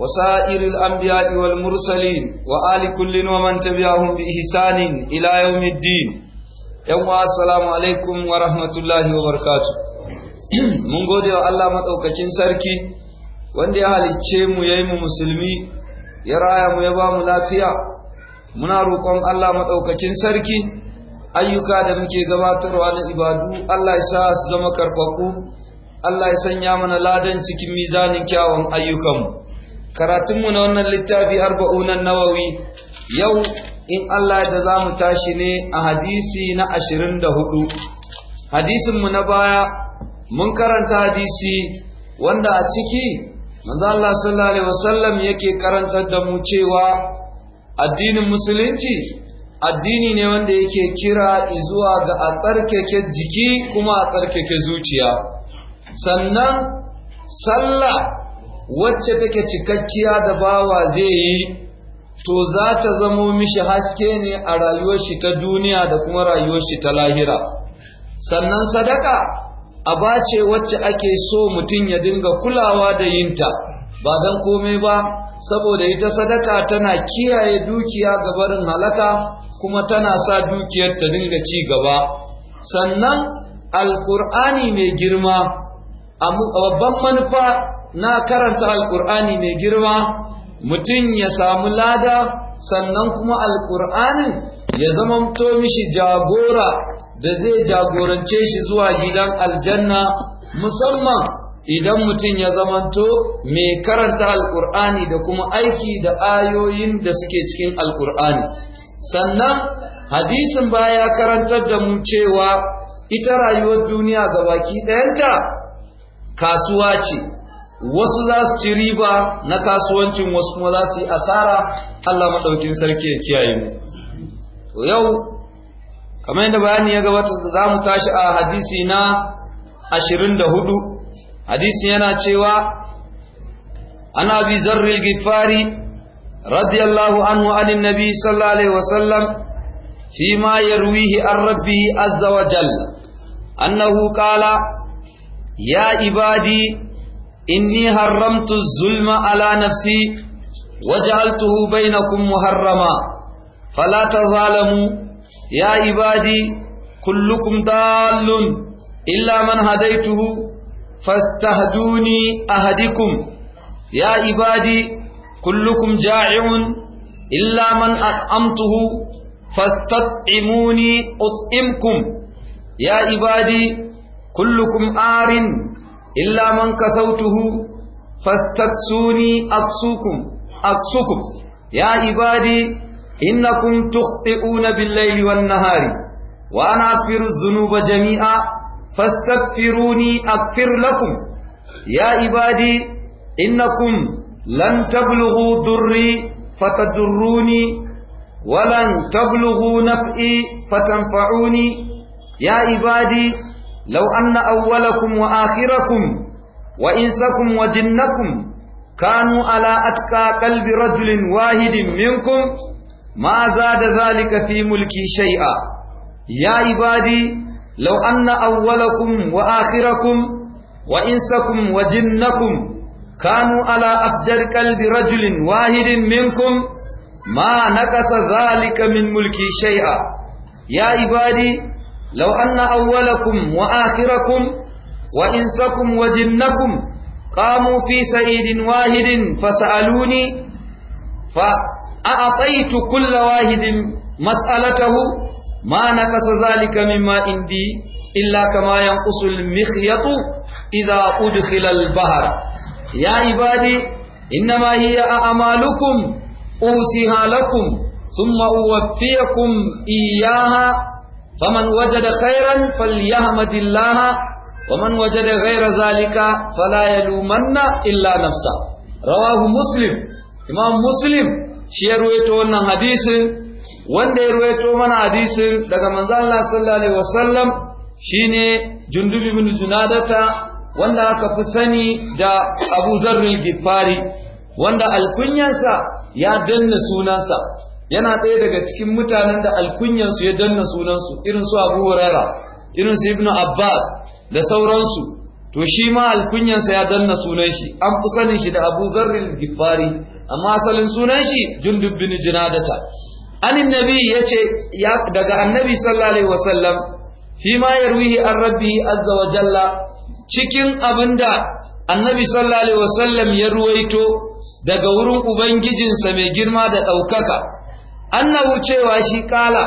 وسائر الأنبياء والمرسلين وآل كل ومن تبعهم بإحسان إلى يوم الدين يوم السلام عليكم ورحمة الله وبركاته mun gode wa Allah maɗaukacin sarki wanda ya halicce mu ya yi mu musulmi ya raya mu ya ba mu lafiya muna roƙon Allah maɗaukacin sarki ayyuka da muke gabatarwa na ibadu Allah ya sa su zama karɓaɓɓu Allah ya sanya mana ladan cikin mizanin kyawun ayyukanmu karatunmu na wannan littafi arba'unan nawawi yau in Allah da za mu tashi ne a hadisi na ashirin da hudu hadisinmu na baya mun karanta hadisi wanda a ciki manzo Allah sallallahu alaihi wasallam yake karantar da mu cewa addinin musulunci addini ne wanda yake kira zuwa ga a tsarkake jiki kuma a tsarkake zuciya sannan sallah wacce take cikakkiya da bawa zai yi to za ta zamo mishi haske ne a rayuwar shi ta duniya da kuma rayuwar shi ta lahira sannan sadaka aba ce wacce ake so mutum ya dinga kulawa da yinta ba dan komai ba saboda ita sadaka tana kiyaye dukiya ga barin halaka kuma tana sa dukiyar ta dinga ci gaba sannan alkur'ani mai girma a babban manufa na karanta alkur'ani mai girma mutum ya samu lada sannan kuma alkur'anin ya zama to mishi jagora da zai jagorance shi zuwa gidan aljanna musamman idan mutum ya zamanto mai karanta alkur'ani da kuma aiki da ayoyin da suke cikin alkur'ani sannan hadisin baya karantar da mu cewa ita rayuwar duniya ga baki ɗayanta kasuwa ce wasu za su ci riba na kasuwancin wasu kuma za su yi asara Allah maɗaukin sarki ya kiyaye mu to yau kamar yadda bayani ya gabata za mu tashi a hadisi na ashirin da hudu hadisi yana cewa an abi zarri gifari radiyallahu anhu anin nabi sallallahu alaihi wasallam fi ma yarwihi an rabbi azza wa jalla annahu qala ya ibadi inni haramtu zulma ala nafsi waj'altuhu bainakum muharrama Falata tazalamu ya ibadi kullukum dallun illa man hadaytuhu fastahduni ahadikum ya ibadi kullukum ja'iun illa man at'amtuhu fastat'imuni ut'imkum ya ibadi kullukum arin illa man kasautuhu fastaksuni aksukum aksukum ya ibadi innakum tukhti'una bil-layli wan-nahari wa ana aghfiru dhunuba jami'a fastaghfiruni aghfir lakum ya ibadi innakum lan tablughu durri fatadurruni ولن تبلغوا نفئي فتنفعوني Ya ibadi. لو أن أولكم وآخركم وإنسكم وجنكم كانوا على أتقى قلب رجل واحد منكم ما زاد ذلك في ملكي شيئا يا عبادي لو أن أولكم وآخركم وإنسكم وجنكم كانوا على أفجر قلب رجل واحد منكم ما نقص ذلك من ملكي شيئا يا عبادي law anna awwalakum wa akhirakum wa insakum wa jinnakum qamu fi sa'idin wahidin fasaluni fa a'taitu kull wahidin mas'alatahu ma naqasa zalika mimma indi illa kama yanqusu al-mikhyatu idha udkhila al-bahr ya ibadi innama hiya a'malukum usiha lakum thumma uwaffiyakum iyyaha faman wajada khairan falyahmadillah wa man da ghayra zalika fala yalumanna illa nafsa rawahu muslim imam muslim shi ya ruwaito wannan hadisin wanda ya ruwaito mana hadisin daga manzo Allah sallallahu alaihi wasallam shine jundub ibn junadata wanda aka fi sani da Abu Zarrul Gifari wanda alkunyarsa ya danna sunansa yana ɗaya daga cikin mutanen da alkunyansu ya danna sunansu irin su abu huraira irin su ibnu abbas da sauransu to shi ma alkunyansa ya danna sunan shi an fi sanin shi da abu zarrin gifari amma asalin sunan shi jundub bin jinadata anin nabi ya ce daga annabi sallallahu alaihi wasallam fi ma yarwihi an rabbi azza wa jalla cikin abinda annabi sallallahu alaihi wasallam ya ruwaito daga wurin ubangijinsa mai girma da ɗaukaka annahu cewa shi kala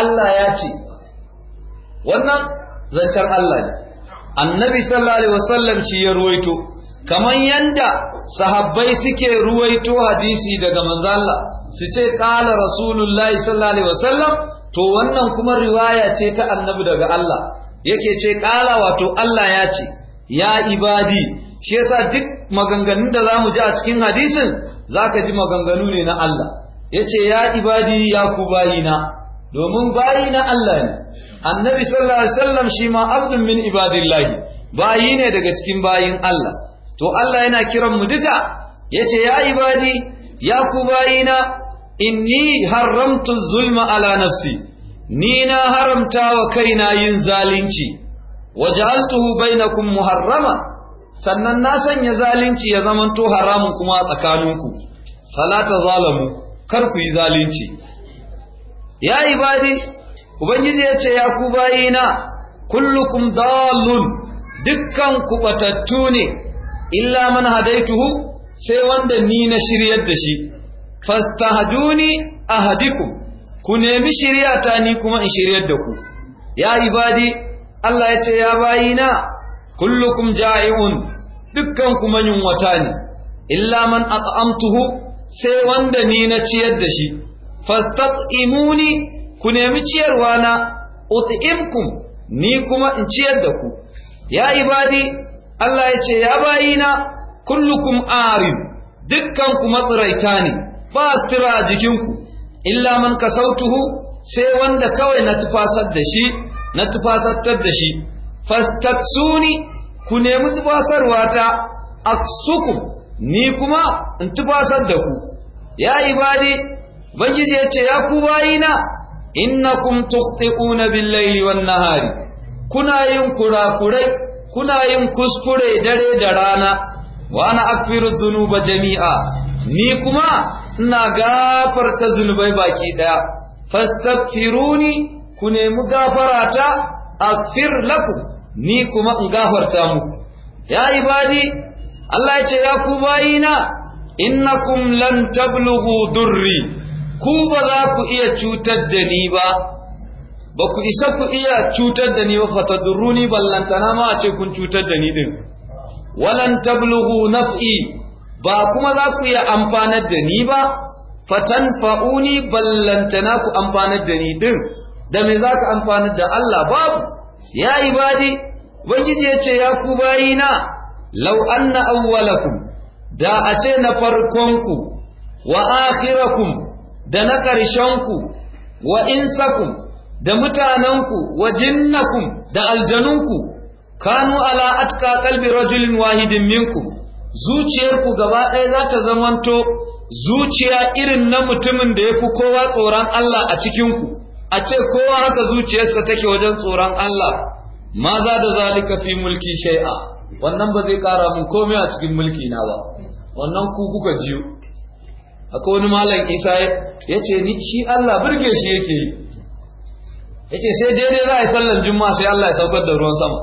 Allah ya ce wannan zancen Allah ne annabi sallallahu alaihi wasallam shi ya ruwaito kamar yanda sahabbai suke ruwaito hadisi daga manzo Allah su ce kala rasulullahi sallallahu alaihi wasallam to wannan kuma riwaya ce ta annabi daga Allah yake ce kala wato Allah ya ce ya ibadi shi yasa duk maganganun da zamu ji a cikin hadisin zaka ji maganganu ne na Allah yace ya ibadi ya ku bayina domin bayina Allah ne annabi sallallahu alaihi wasallam shi ma abdun min ibadillahi bayi ne daga cikin bayin Allah to Allah yana kiran mu duka yace ya ibadi ya ku bayina inni haramtu zulma ala nafsi ni na haramta wa kaina yin zalunci waj'altuhu bainakum muharrama sannan na sanya zalunci ya zamanto haramun kuma a tsakaninku fala zalamu kar ku yi zalunci ya ibadi ubangiji ya ce ya ku bayina kullukum dalun dukkan ku batattu ne illa man hadaituhu sai wanda ni na shiryar da shi fastahduni ahadikum ku nemi shiryata ni kuma in shiryar da ku ya ibadi Allah ya ce ya bayina kullukum ja'iun dukkan ku wata ne illa man at'amtuhu sai wanda ni na ciyar da shi fastat'imuni ku nemi ciyarwa na ut'imkum ni kuma in ciyar da ku ya ibadi Allah ya ce ya bayina kullukum arin dukkan ku matsaraita ne ba tura a jikinku illa man kasautuhu sai wanda kawai na tufasar da shi na tufasar da shi ku nemi tufasarwa ta aksukum ni kuma in tufasar da ku ya ibadi bangiji ya ce ya ku bayina innakum tuqtiquna bil-layli wan-nahari kuna yin kurakurai kuna yin kuskure dare da rana wa ana akfiru dhunuba jami'a ni kuma ina gafarta zunubai baki daya fastaghfiruni ku nemi gafarata aghfir lakum ni kuma in gafarta muku ya ibadi Allah ya ce ya ku bayina innakum lan tablughu durri ku ba za ku iya cutar da ni ba ba ku isa ku iya cutar da ni ba fatadurruni ballantana ma a ce kun cutar da ni din walan tablughu naf'i ba kuma za ku iya amfanar da ni ba fatanfa'uni ballantana ku amfanar da ni din da me za ka amfanar da Allah babu ya ibadi ubangiji ya ce ya ku bayina law anna awwalakum da a ce na farkonku wa akhirakum da na ƙarshenku wa insakum da mutanenku wa jinnakum da aljanunku kanu ala atka qalbi rajulin wahidin minkum zuciyarku gaba ɗaya za ta zamanto zuciya irin na mutumin da ya fi kowa tsoron Allah a cikinku a ce kowa haka zuciyarsa take wajen tsoron Allah maza da zalika fi mulki shai'a wannan ba zai ƙara mun komai a cikin mulki na ba wannan ku kuka jiyo akwai wani malam isa ya ce ni shi Allah burge shi yake yi ya ce sai daidai za a yi sallar juma'a sai Allah ya saukar da ruwan sama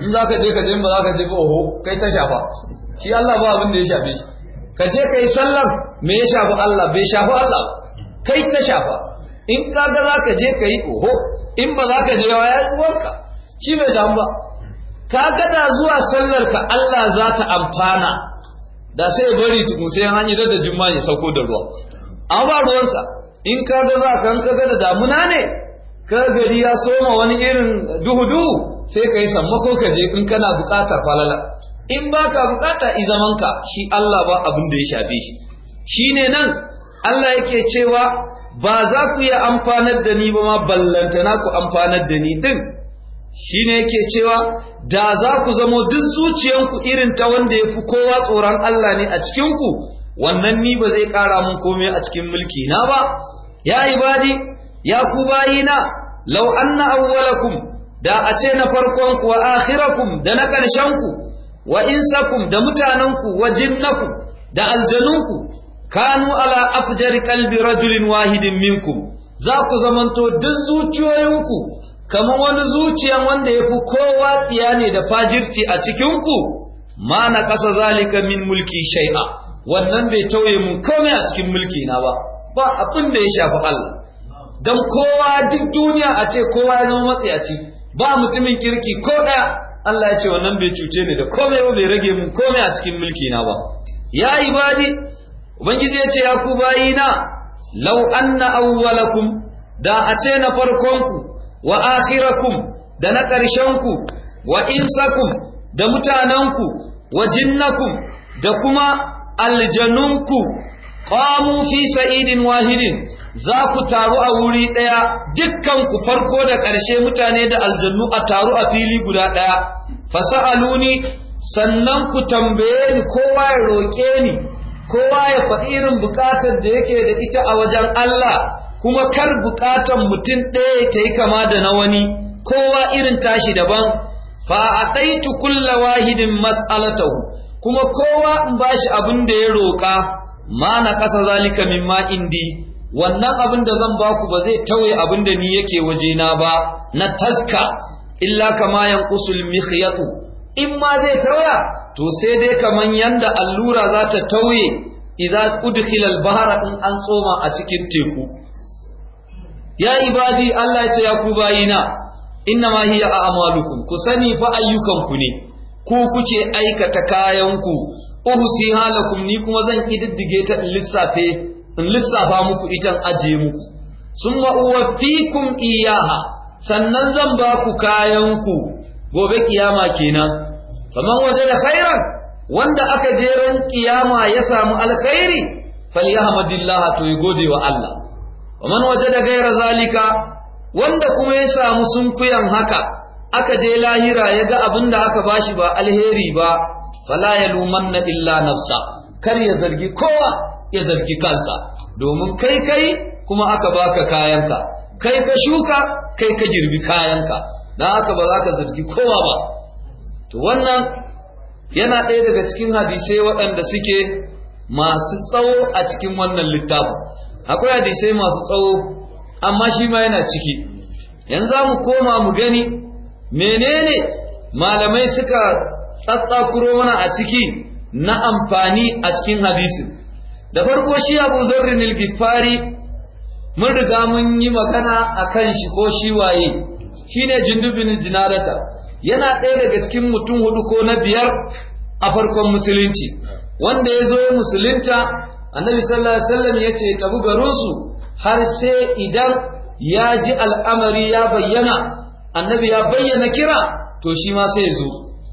in za ka je ka je ba za ka je ba oho kai ta shafa shi Allah ba abin da ya shafe shi ka je ka yi sallar me ya shafi Allah bai shafi Allah kai ta shafa in ka ga za ka je ka yi oho in ba za ka je wa ya yi ruwanka shi bai damu ba ka gada zuwa sallar ka Allah za ta amfana da sai bari tukun sai hanyar da juma'a ya sauko da ruwa an ba ruwansa in ka ga za ka ka gada damuna ne ka gari ya soma wani irin duhu duhu sai ka yi sammako ka je in kana bukatar falala in ba ka buƙata i zamanka shi Allah ba abin da ya shafe shi ne nan Allah yake cewa ba za ku iya amfanar da ni ba ma ballantana ku amfanar da ni din shi ne yake cewa da za ku zamo duk zuciyanku irin ta wanda ya fi kowa tsoron Allah ne a cikinku wannan ni ba zai ƙara mun komai a cikin mulki na ba ya ibadi ya ku bayina law anna awwalakum da a ce na farkonku wa akhirakum da na ku wa insakum da mutanenku wa jinnakum da aljanunku kanu ala afjari kalbi rajulin wahidin minkum za ku zamanto duk zuciyoyinku kamar wani zuciyan wanda ya fi kowa tsiya ne da fajirci a cikinku ma na ƙasa zalika min mulki shai'a wannan bai tauye mun komai a cikin mulki na ba ba abin da ya shafi Allah don kowa duk duniya a ce kowa ya zama matsayaci ba mutumin kirki ko ɗaya Allah ya ce wannan bai cuce ne da komai ba bai rage mun komai a cikin mulki na ba ya ibadi ubangiji ya ce ya ku bayina law anna awwalakum da a ce na farkonku wa akhirakum da na ƙarshenku wa insakum da mutanenku wa jinnakum da kuma aljanunku qamu fi sa'idin wahidin za ku taru a wuri ɗaya dukkanku farko da ƙarshe mutane da aljannu a taru a fili guda ɗaya fasa'aluni sannan ku tambaye ni kowa ya roƙe ni kowa ya faɗi irin buƙatar da yake da ita a wajen Allah kuma kar bukatan mutum ɗaya ta yi kama da na wani kowa irin tashi daban fa a ɗaitu kulla wahidin matsalatahu kuma kowa in ba shi abin da ya roƙa ma na ƙasa zalika min ma indi wannan abin da zan ba ku ba zai tauye abin da ni yake wajena ba na taska illa kama yan usul mikhyatu in ma zai tauya to sai dai kaman yanda allura za ta tauye idan udkhila bahra in an tsoma a cikin teku ya ibadi Allah ya ce ya ku bayina inna ma hiya a'malukum ku sani fa ayyukanku ne ku kuke aikata kayanku uhsi halakum ni kuma zan kididdige ta in lissafe lissafa muku itan aje muku summa uwaffikum iyaha sannan zan ba ku kayanku gobe kiyama kenan faman da khairan wanda aka jeran ƙiyama kiyama ya samu alkhairi falyahmadillah to yi gode wa Allah ومن وجد غير gaira zalika wanda kuma ya samu sunkuyan haka aka je lahira ya ga abin da aka bashi ba alheri ba fala ya na illa nafsa kar ya zargi kowa ya zargi kansa domin kai kai kuma aka baka kayanka kai ka shuka kai ka girbi kayanka dan haka ba za ka zargi kowa ba to wannan yana ɗaya daga cikin hadisai waɗanda suke masu tsawo a cikin wannan littafin akwai hadisai masu tsawo amma shi ma yana ciki yanzu za mu koma mu gani menene malamai suka tsatsakuro mana a ciki na amfani a cikin hadisin da farko shi abu zarrin ilgifari mun riga mun yi magana a kan shi ko shi waye shi ne jindubin jinarata yana ɗaya daga cikin mutum hudu ko na biyar a farkon musulunci wanda ya zo musulunta annabi sallallahu alaihi wasallam ya ce tabu garinsu har sai idan ya ji al'amari ya bayyana annabi ya bayyana kira to shi ma sai zo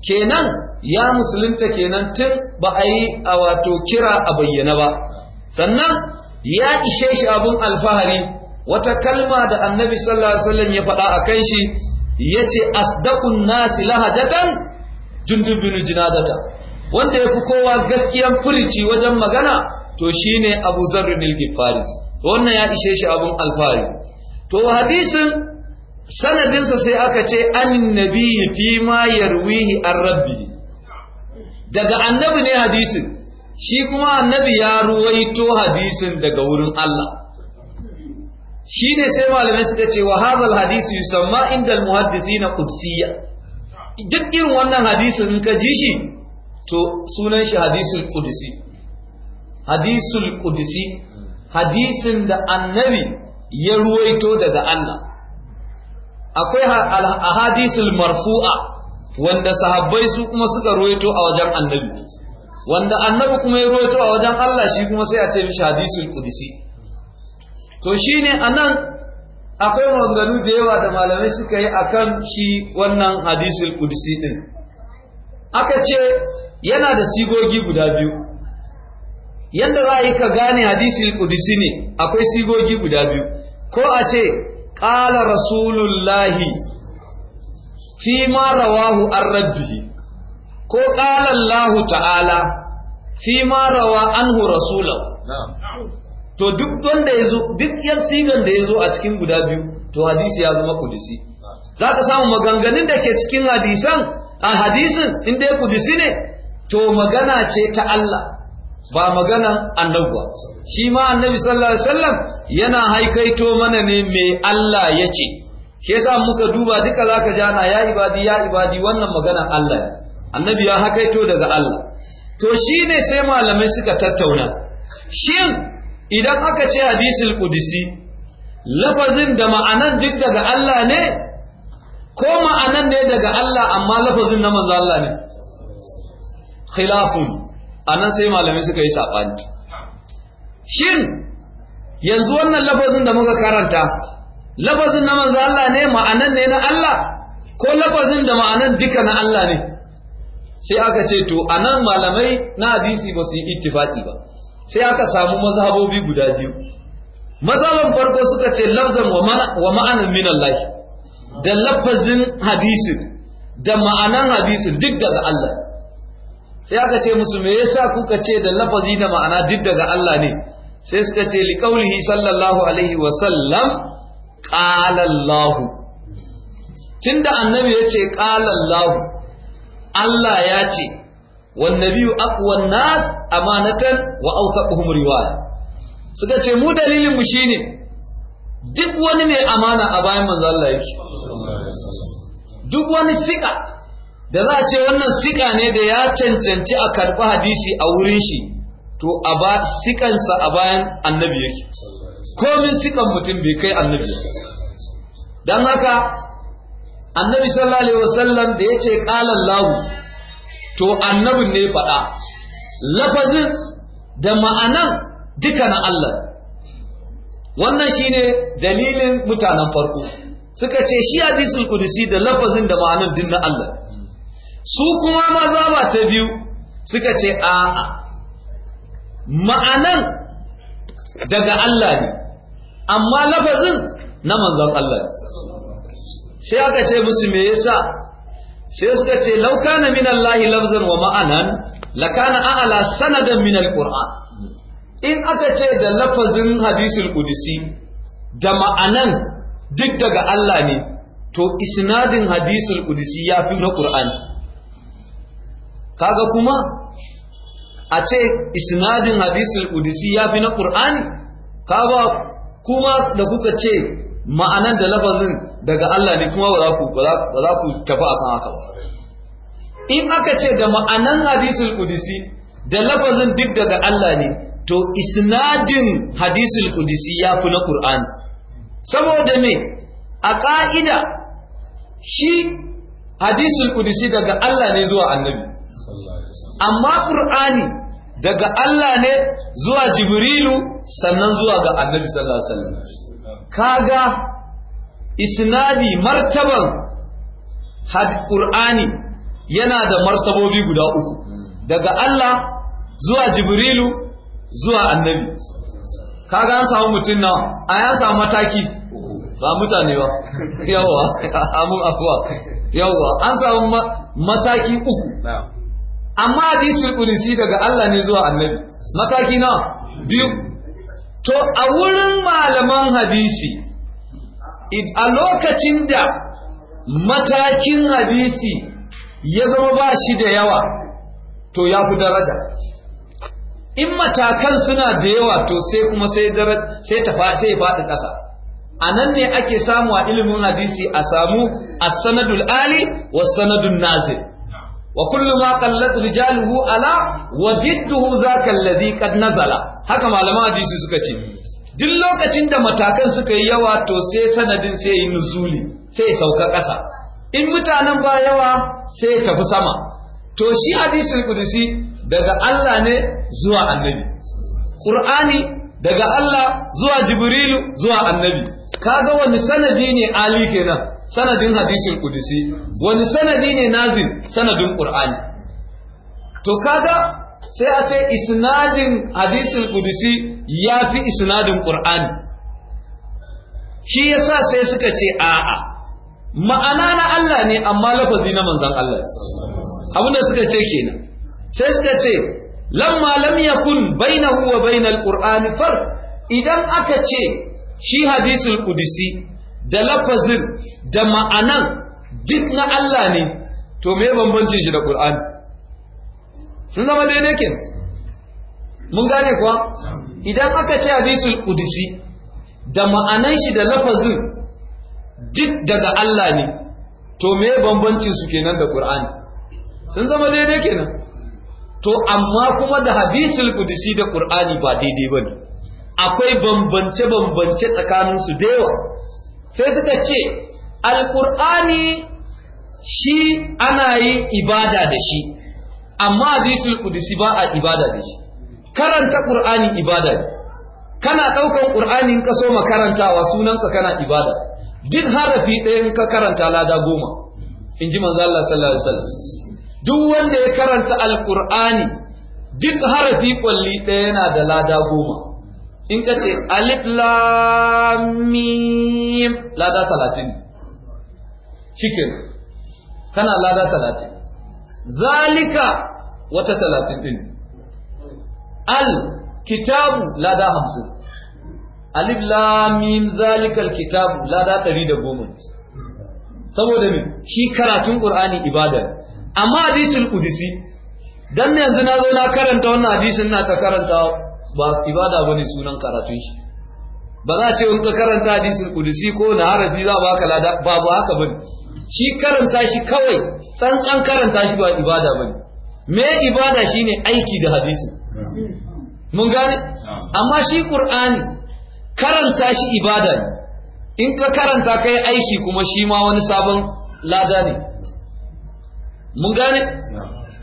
kenan ya musulunta kenan tun ba a yi a wato kira a bayyana ba sannan ya ishe shi abin alfahari wata kalma da annabi sallallahu alaihi wasallam ya faɗa a kan shi yace asdaqun nas lahajatan jundub jinadata wanda yafi kowa gaskiyan furici wajen magana to ne Abu Zarr al wannan ya ishe shi abin alfari to hadisin sanadinsa sai aka ce an nabi fi ma yarwihi an rabbi daga annabi ne hadisin shi kuma annabi ya ruwaito hadisin daga wurin Allah shi ne sai malamai suka ce wa hadal hadisi yusamma inda muhaddisi na qudsiya duk irin wannan hadisin in ka ji shi to sunan shi hadisin qudsi hadisul qudsi hadisin da annabi ya ruwaito daga Allah akwai ahadisul marfu'a wanda sahabbai su kuma suka ruwaito a wajen annabi wanda annabi kuma ya ruwaito a wajen Allah shi kuma sai a ce mishi hadisul qudsi to shine anan akwai maganganu da yawa da malamai suka yi akan shi wannan hadisul qudsi din aka ce yana da sigogi guda biyu yadda za a yi ka gane hadisi kudisi ne akwai sigogi guda biyu ko a ce ƙala rasulullahi fi ma rawahu an rabbihi ko ƙala lahu ta'ala fi ma rawa anhu rasulun. to duk wanda ya zo, duk yan sigan da ya zo a cikin guda biyu to hadisi ya zama kudusi za ka samu maganganun da ke cikin hadisan a hadisin inda ya kudusi ne to magana ce ta Allah ba magana annabuwa shi ma annabi sallallahu alaihi wasallam yana haikaito mana ne me Allah ya ce ke sa muka duba duka zaka ji ana ya ibadi ya ibadi wannan magana Allah annabi ya haikaito daga Allah to shine sai malamai suka tattauna shin idan aka ce hadisul qudsi lafazin da ma'anan duk daga Allah ne ko ma'anan ne daga Allah amma lafazin na manzo Allah ne khilafun a nan sai malamai suka yi saɓani shin yanzu wannan lafazin da muka karanta lafazin na manzo Allah ne ma'anan ne na Allah ko lafazin da ma'anan duka na Allah ne sai aka ce to a nan malamai na hadisi ba su yi ittifaqi ba sai aka samu mazhabobi guda biyu mazhaban farko suka ce lafzan wa ma'anan min Allah da lafazin hadisin da ma'anan hadisin duk daga Allah sai aka ce musu me yasa kuka ce da lafazi da ma'ana duk daga Allah ne sai suka ce li qaulihi sallallahu alaihi wa sallam qala Allah tunda annabi ya ce qala Allah Allah ya ce wan nabiyyu aqwan nas amanatan wa awthaquhum riwaya suka ce mu dalilin mu shine duk wani mai amana a bayan manzo Allah yake duk wani sika da za a ce wannan sika ne da ya cancanci a karɓi hadisi a wurin shi to a ba sikansa a bayan annabi yake komin sikan mutum bai kai annabi don haka annabi sallallahu alaihi wasallam da ya ce ƙalan lahu to annabin ne faɗa lafazin da ma'anan duka na Allah wannan shi ne dalilin mutanen farko suka ce shi hadisul kudusi da lafazin da ma'anan din na Allah su kuma ba ta biyu suka ce a'a ma'anan daga Allah ne amma lafazin na manzon Allah ne sai aka ce musu me yasa sai suka ce law kana min Allah lafzan wa ma'anan lakana a'la sanadan min alquran in aka ce da lafazin hadisul qudsi da ma'anan duk daga Allah ne to isnadin hadisul qudsi yafi na qur'ani kaga kuma a ce isnadin hadisul qudsi fi na qur'ani kaga kuma da kuka ce ma'anan da lafazin daga Allah ne kuma ba za ku za ku tafi akan haka ba in aka ce da ma'anan hadisul qudsi da lafazin duk daga Allah ne to isnadin hadisul qudsi fi na qur'ani saboda me a ka'ida shi hadisul qudsi daga Allah ne zuwa annabi amma qur'ani daga Allah ne zuwa jibrilu sannan zuwa ga annabi sallallahu alaihi wasallam kaga isnadi martaban had qur'ani yana da martabobi guda uku daga Allah zuwa jibrilu zuwa annabi kaga an samu mutum na a ya samu mataki ba mutane ba yawa amin afwa yawa an samu mataki uku amma hadisul kudusi daga Allah ne zuwa annabi mataki na biyu to a wurin malaman hadisi a lokacin da matakin hadisi ya zama ba shi da yawa to ya fi daraja in matakan suna da yawa to sai kuma sai sai ta faɗi ƙasa a nan ne ake samu a ilimin hadisi a samu as-sanadul ali was-sanadun nazil wa kullu ma رجاله على ala wa الذي قد نزل هكا nazala haka malaman hadisi suka ce duk lokacin da matakan suka yi yawa to sai sanadin sai yi nuzuli sai sauka ƙasa in mutanen ba yawa sai tafi sama to shi hadisul qudusi daga Allah ne zuwa annabi qur'ani daga Allah zuwa jibrilu zuwa annabi kaga wani sanadi ne ali kenan sanadin hadisin kudusi wani sanadi ne nazil sanadin qur'ani to kaga sai a ce isnadin hadisin kudusi ya fi isnadin qur'ani shi yasa sai suka ce a'a ma'ana na Allah ne amma lafazi na manzan Allah Abunda suka ce kenan sai suka ce lamma lam yakun bainahu wa bainal qur'ani far idan aka ce shi hadisul qudsi da lafazin da ma'anan duk na Allah ne to me bambancin shi da Qur'ani sun zama daidai ke mun gane kuwa idan aka ce hadisul qudsi da ma'anan shi da lafazin duk daga Allah ne to me bambancin su kenan da Qur'ani sun zama daidai kenan to amma kuma da hadisul qudsi da Qur'ani ba daidai bane akwai bambance bambance tsakanin su da yawa sai suka ce alkur'ani shi ana yi ibada da shi amma hadisul qudsi ba a ibada da shi karanta qur'ani ibada ne kana daukan qur'ani in ka so makarantawa sunanka kana ibada duk harafi ɗaya in ka karanta lada goma in ji manzo Allah sallallahu alaihi wasallam duk wanda ya karanta alkur'ani duk harafi kwalli ɗaya yana da lada goma in ka ce alif lamim lada talatin shikin kana lada talatin zalika wata talatin din al kitabu lada hamsin alif lamim zalikal kitabu lada ɗari da goma saboda min shi karatun qur'ani ibada amma hadisin qudsi dan yanzu na zo na karanta wannan hadisin na ta karanta ba ibada bane sunan karatun shi ba za a ce in ka karanta hadisin kudusi ko na harafi za ba ka lada ba ba haka bane shi karanta shi kawai tsantsan karanta shi ba ibada bane me ibada shine aiki da hadisi mun gane amma shi qur'ani karanta shi ibada ne in ka karanta kai aiki kuma shi ma wani sabon lada ne mun gane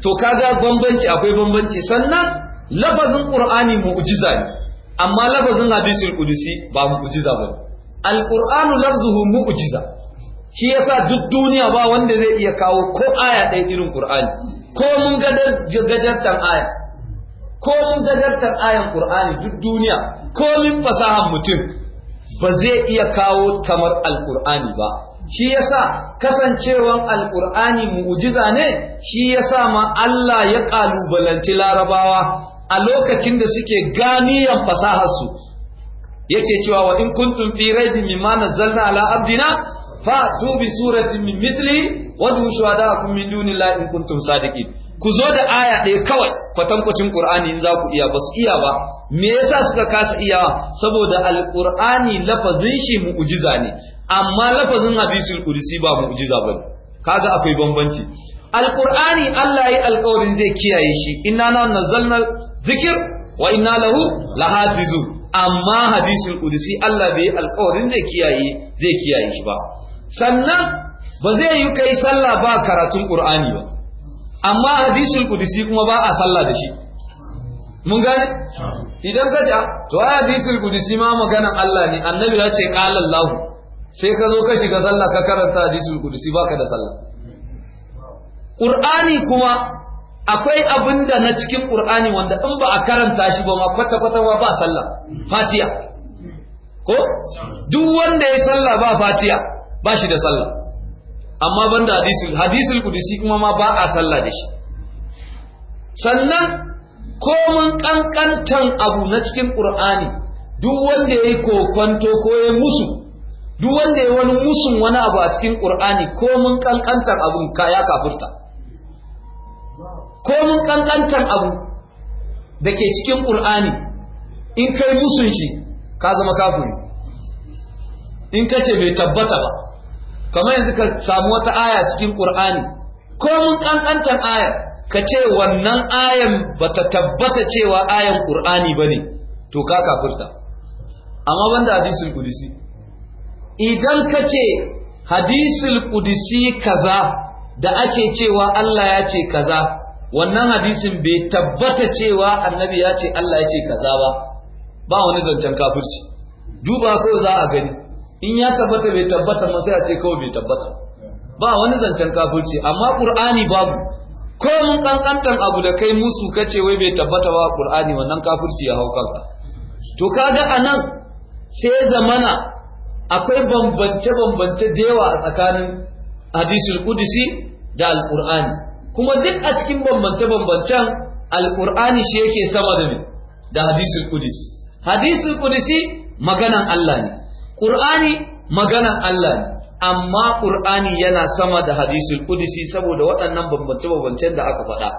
to kaga bambanci akwai bambanci sannan lafazin qur'ani mu'jiza ne amma lafazin hadisul qudusi ba mu'jiza bane alqur'anu lafzuhu mu'jiza shi yasa duk duniya ba wanda zai iya kawo ko aya ɗaya irin qur'ani ko mun gajartar aya ko mun gajartar ayan qur'ani duk duniya ko min fasahan mutum ba zai iya kawo kamar alqur'ani ba shi yasa kasancewan alkur'ani mu'jiza ne shi yasa ma Allah ya kalubalanci larabawa a lokacin da suke ganiyan fasaharsu yake cewa wa in kuntum fi raibin mimma nazzalna ala abdina fa tu bi suratin min mithli du shuhadakum min dunillahi in kuntum sadiqin ku zo da aya ɗaya kawai kwatankwacin qur'ani in za ku iya ba su iya ba me yasa suka kasa iya saboda alqur'ani lafazin shi mu'jiza ne amma lafazin hadisul qudsi ba mu'jiza ba kaga akwai bambanci alqur'ani Allah ya alƙawarin zai kiyaye shi inna nazzalna zikir wa inna lahu lahafizu amma hadisul qudsi Allah bai alƙawarin zai kiyaye zai kiyaye shi ba sannan ba zai yi kai sallah ba karatun qur'ani ba amma hadisul qudsi kuma ba a sallah da shi mun gane idan ka ja to hadisul qudsi ma maganan Allah ne annabi ya ce qala Allah sai ka zo ka shiga sallah ka karanta hadisul ba baka da sallah Qur'ani kuma akwai abin da na cikin ƙur'ani wanda in ba a karanta shi ba ma kwata-kwata ba sallah fatiya ko duk wanda ya sallah ba fatiya ba shi da sallah amma banda hadisul hadisul kudisi kuma ma ba a sallah da shi sannan komin kankantan abu na cikin ƙur'ani duk wanda ya yi kokonto ko ya musu duk wanda ya wani musun wani abu a cikin ƙur'ani komin kankantan abun ka ya kafurta ko mun kankantan abu da ke cikin ƙul'ani in kai musun shi ka zama kafuri? in ka ce bai tabbata ba kamar yanzu ka samu wata aya cikin ƙul'ani ko mun kankantan aya ka ce wannan ayan ba ta tabbata cewa ayan ƙul'ani ba ne to ka kafurta amma banda hadisul kudisi idan ka ce hadisul kudisi kaza da ake cewa Allah ya ce kaza wannan hadisin bai tabbata cewa annabi ya ce Allah ya ce kaza ba ba wani zancen kafirci duba ko za a gani in ya tabbata bai tabbata ma sai a ce kawai bai tabbata ba wani zancen kafirci amma qur'ani babu ko mun kankantan abu da kai musu kace wai bai tabbata ba qur'ani wannan kafirci ya hau kanka to kaga anan sai zamana akwai bambance bambance da yawa a tsakanin hadisul qudsi da alqur'ani kuma duk a cikin bambance-bambancen Alƙur'ani shi yake sama da mai da hadisul kudisi hadisul kudisi maganan Allah ne ƙur'ani maganan Allah ne amma ƙur'ani yana sama da hadisul kudisi saboda waɗannan bambance-bambancen da aka faɗa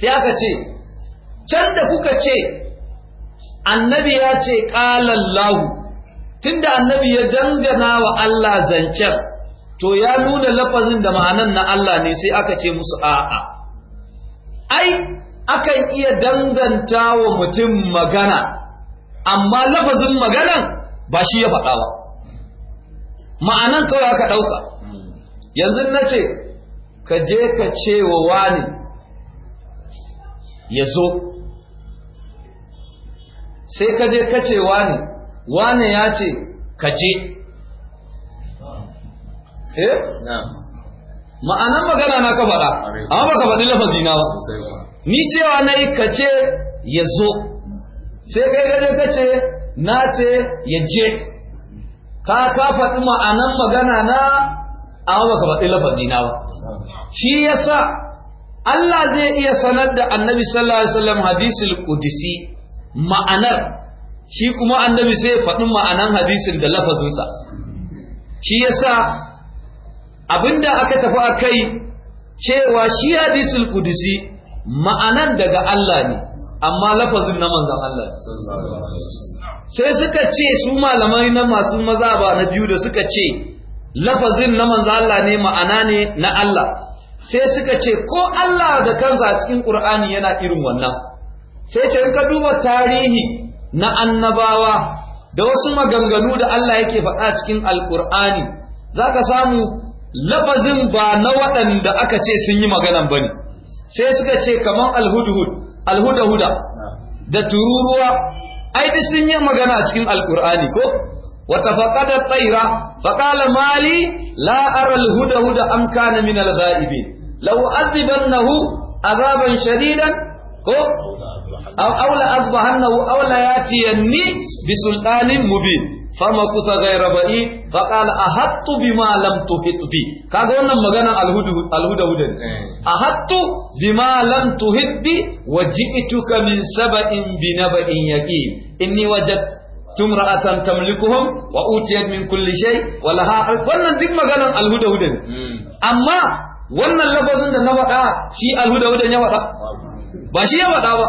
sai aka ce can da kuka ce annabi ya ce qala Allah tunda annabi ya dangana wa Allah zancen to ya nuna lafazin da ma'anan na Allah ne sai aka ce musu a'a ai akan iya danganta wa mutum magana amma lafazin maganan ba shi ya faɗa ba ma'anan kawai aka ɗauka yanzu na ce ka je ka ce wa wani ya zo sai ka je ka ce wani wani ya ce ka je eh ma'anan magana na ka faɗa amma baka faɗi lafazi na ba ni cewa na yi kace ya zo sai kai gaje ka ce na ce ya je ka ka faɗi ma'anan magana na amma baka faɗi lafazi na ba shi yasa Allah zai iya sanar da Annabi sallallahu alaihi wasallam hadisul qudsi ma'anar shi kuma annabi sai faɗin faɗi ma'anan hadisin da lafazinsa shi yasa abinda aka tafi a kai cewa shi hadisul kudusi ma'anan daga Allah ne amma lafazin na manzan Allah sai suka ce su malamai na masu maza ba na biyu da suka ce lafazin na manzan Allah ne ma'ana ne na Allah sai suka ce ko Allah da kansa a cikin Qur'ani yana irin wannan sai ce ka duba tarihi na annabawa da wasu maganganu da Allah yake faɗa cikin Alƙur'ani za ka samu lafazin ba na waɗanda aka ce sun yi maganan ba ne sai suka ce kamar alhudhud alhudahuda da tururuwa ai duk sun yi magana a cikin alkur'ani ko wata faƙada tsaira faƙala mali la'ar alhudahuda an kana min alza'ibi lau azibannahu azaban shadidan ko aw la azbahannahu aula ya yatiyanni bi sultanin mubin fama kusa gaira ba'i fa qala ahattu bima lam tuhit bi kaga wannan maganan alhudu alhuda eh. ahattu bima lam tuhit bi waji'tuka min sab'in bi naba'in yaqin inni wajadtu tumra'atan tamlikuhum wa utiyat min kulli shay wa laha wannan duk maganan alhuda hudan hmm. amma wannan lafazin da na faɗa shi alhuda hudan ya faɗa ba shi ya faɗa ba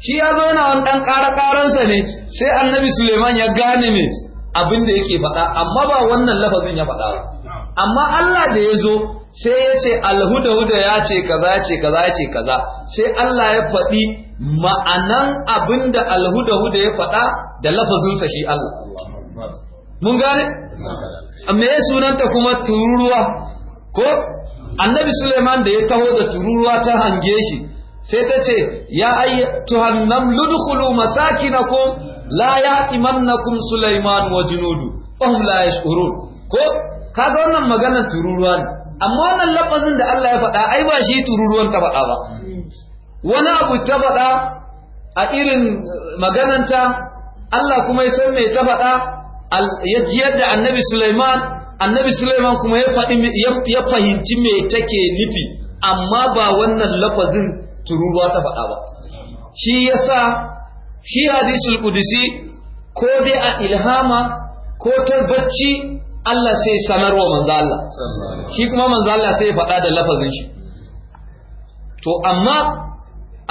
shi ya zo yana wani ɗan ƙara-ƙaransa ne sai annabi suleiman ya gane me abin da yake faɗa amma ba wannan lafazin ya faɗa ba amma Allah da ya zo sai ya ce alhuda-huda ya ce kaza ya ce kaza ya ce kaza sai Allah ya faɗi ma'anan abin da alhuda-huda ya faɗa da lafazinsa shi Allah mun gane me sunanta kuma tururuwa ko annabi suleiman da ya taho da tururuwa ta hange shi sai ta ce ya ayyatuhan namlu dukhulu masakinakum la ya'timannakum sulaiman wa junudu hum la yashurun ko kaga wannan maganar tururuwa ne amma wannan lafazin da Allah ya faɗa ai ba shi tururuwan ta faɗa ba wani abu ta faɗa a irin magananta Allah kuma ya san me ta faɗa ya ji yadda annabi Sulaiman annabi Sulaiman kuma ya fahimci me take nufi amma ba wannan lafazin tururuwa ta faɗa ba shi yasa shi hadisul kudisi ko dai a ilhama ko ta bacci Allah sai sanarwa manzo Allah shi kuma manzo Allah sai faɗa da lafazin shi to amma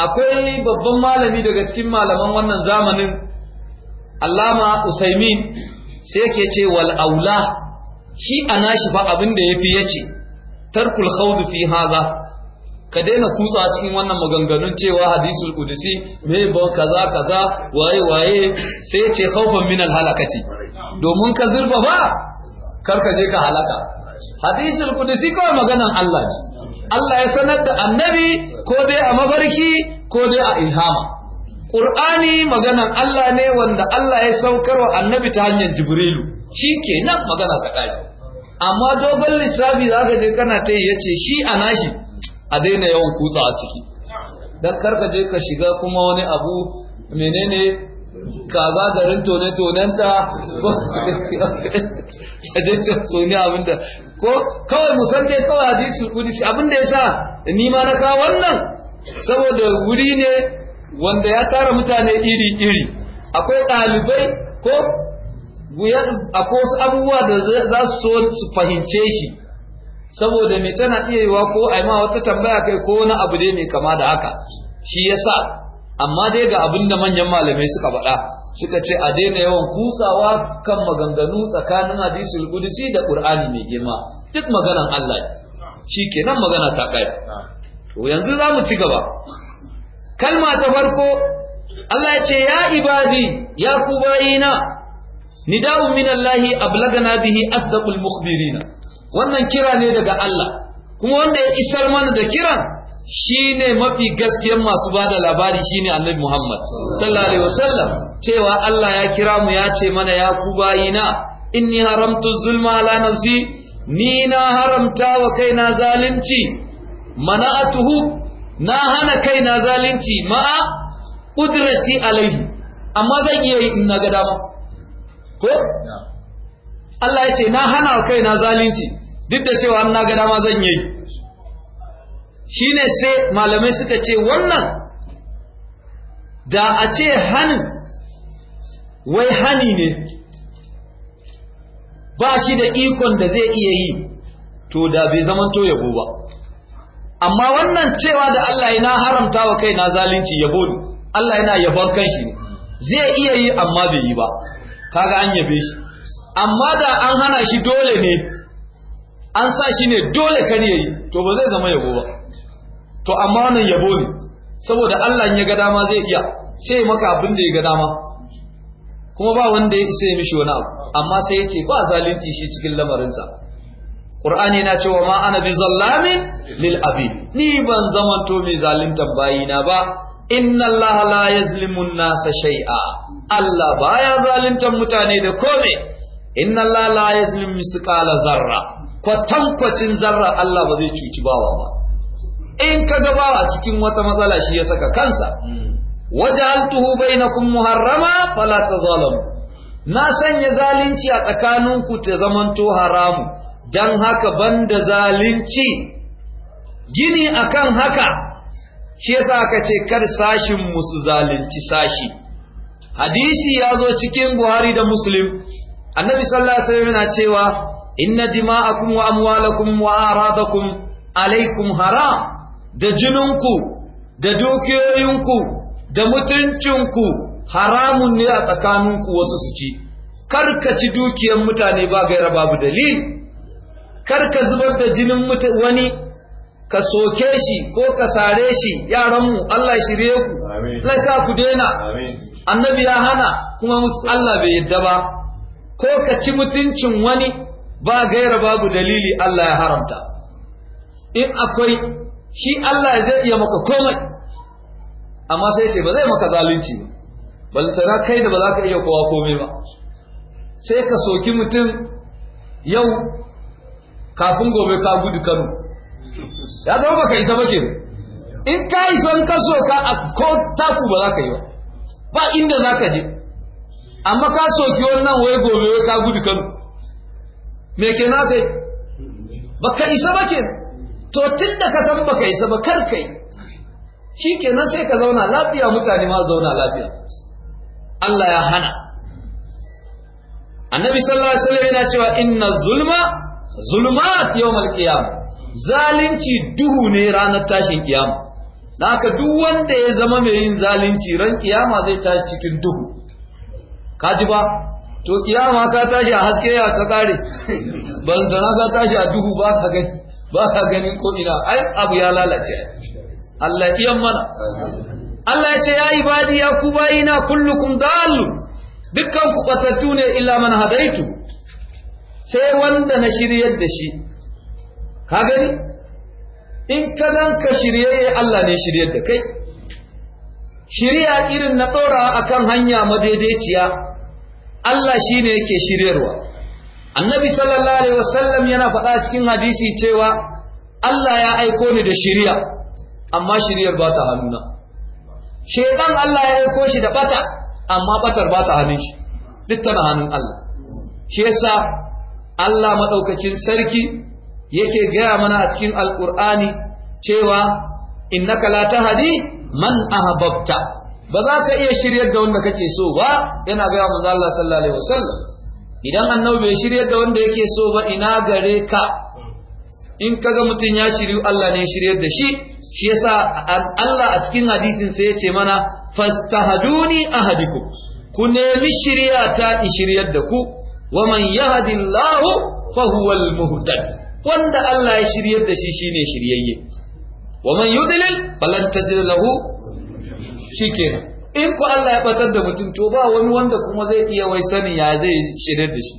akwai babban malami daga cikin malaman wannan zamanin alama Usaimin sai ke ce wal aula shi ana shi fa abin da yafi yace tarkul khawd fi hadha ka daina kutsa cikin wannan maganganun cewa hadisul kudusi me ba kaza kaza waye waye sai ce khaufan min al domin ka zurfa ba kar ka je ka halaka hadisul kudusi kawai maganan Allah ne Allah ya sanar da annabi ko dai a mafarki ko dai a ilhama Qur'ani maganan Allah ne wanda Allah ya saukar wa annabi ta hanyar Jibrilu shikenan magana ta amma dogon lissafi zaka je kana ta yace shi a nashi a daina yawan kutsa a ciki don karka je ka shiga kuma wani abu menene kaza garin tone-tonenta ko tone abinda ko kawai musan dai kawai hadisi kudisi abinda ya sa ni ma na kawo wannan saboda wuri ne wanda ya tara mutane iri-iri akwai ɗalibai ko akwai wasu abubuwa da za su so su fahimce shi saboda mai tana iya yiwa ko a yi ma wata tambaya kai ko wani abu dai mai kama da haka shi yasa amma dai ga abin da manyan malamai suka faɗa suka ce a daina yawan kusawa kan maganganu tsakanin hadisul qudsi da ƙur'ani mai girma duk maganan Allah shi shikenan magana ta kai to yanzu za mu ci gaba kalma ta farko Allah ya ce ya ibadi ya ku bayina nida'un minallahi ablagana bihi asdaqul mukhbirina wannan kira ne daga Allah kuma wanda ya isar mana da kiran shine mafi gaskiyar masu bada labari shine Annabi Muhammad sallallahu alaihi wasallam cewa Allah ya kira mu ya ce mana ya ku bayina inni haramtu zulma ala nafsi ni na haramta wa kaina zalunci mana'atuhu na hana kaina zalunci ma'a qudrati alaihi amma zan iya yi in ga dama ko Allah ya ce na hana wa kaina zalunci duk da cewa na ga dama zan yi Shi ne sai malamai suka ce wannan da a ce hani, wai hani ne ba shi da ikon da zai iya yi to da bai zamanto yabo ba amma wannan cewa da Allah yana haramta wa kaina zalunci yabo Allah yana yabon kanshi ne zai iya yi amma bai yi ba kaga an yabe shi amma da an hana shi dole ne an sa shi ne dole kar yayi to ba zai zama yabo ba to amma nan yabo ne saboda Allah ya ga dama zai iya sai maka abin da ya ga dama kuma ba wanda ya isa ya mishi wani abu amma sai ya ce ba zalunci shi cikin lamarinsa Qur'ani na cewa ma ana bi zallamin lil abid ni ban to mai zaluntar bayina ba inna Allah la yazlimun nasa shay'a Allah baya zaluntar mutane da komai in Allah la su misqala zarra kwatankwacin zarra Allah ba zai cuci bawa ba in ka ga bawa cikin wata matsala shi ya saka kansa na bainakum muharrama fala tazalamu na sanya zalunci a tsakaninku ta zamanto haramu dan haka banda zalunci gini akan haka shi yasa aka ce kar sashin musu zalunci sashi hadisi ya zo cikin Buhari da Muslim annabi sallallahu alaihi wasallam yana cewa inna dima'akum wa amwalakum wa aradakum alaikum haram da jininku da dukiyoyinku da mutuncinku haramun ne a tsakaninku wasu su ci karkaci dukiyar mutane ba gaira babu Kar karka zubar da jinin wani ka soke shi ko ka sare shi yaranmu Allah shirye ku Allah sa ku daina annabi ya hana kuma Allah bai yadda ba ko ka ci mutuncin wani ba gaira babu dalili Allah ya haramta in akwai shi Allah zai iya maka komai amma sai ce ba zai maka zalunci ba balantana kai da ba za ka iya kowa komai ba sai ka soki mutum yau kafin gobe ka gudu kano ya zama baka isa ba ke in ka isa ka soka a ko taku ba za ka yi ba ba inda za ka je amma ka soki wannan wai gobe wai ka gudu kano me ke na kai baka isa ba ke to tun da ka san baka isa ba kar kai shi kenan sai ka zauna lafiya mutane ma zauna lafiya Allah ya hana annabi sallallahu alaihi wasallam yana cewa inna zulma zulmat yawmal qiyam zalunci duhu ne ranar tashin kiyama haka duk wanda ya zama mai yin zalunci ran kiyama zai tashi cikin duhu ka ji ba to kiyama ka tashi a haske ya ka kare balantana ka tashi a duhu ba ka gani ba ka ganin ko ina ai abu ya lalace Allah iyan mana Allah ya ce ya ibadi ya ku bayina kullukum dalu dukkan ku batattu ne illa man hadaitu sai wanda na shiryar da shi ka gani in ka dan ka shirye Allah ne shiryar da kai shiriya irin na ɗora akan hanya madaidaiciya Allah shi ne yake shiryarwa annabi sallallahu alaihi wasallam yana faɗa cikin hadisi cewa Allah ya aiko ni da shirya amma shiryar ba ta hannuna Shekan Allah ya aiko shi da bata amma batar ba ta hannun shi duk tana hannun Allah shi yasa Allah maɗaukacin sarki yake gaya mana a cikin Al’ur'ani cewa innaka la hadi man ahbabta ba za ka iya shiryar da wanda kake so ba yana ga mu Allah sallallahu alaihi wasallam idan annabi bai shiryar da wanda yake so ba ina gare ka in kaga mutun ya shiryu Allah ne shiryar da shi shi yasa Allah a cikin hadisin sai ya ce mana fastahaduni ahadikum ku nemi shiriya ta shiryar da ku wa man yahdillahu fa huwa muhtad wanda Allah ya shiryar da shi shine shiryayye wa man yudlil falan tajid lahu shikenan in ku Allah ya batar da mutum to ba wani wanda kuma zai iya wai sanin ya zai shiryar da shi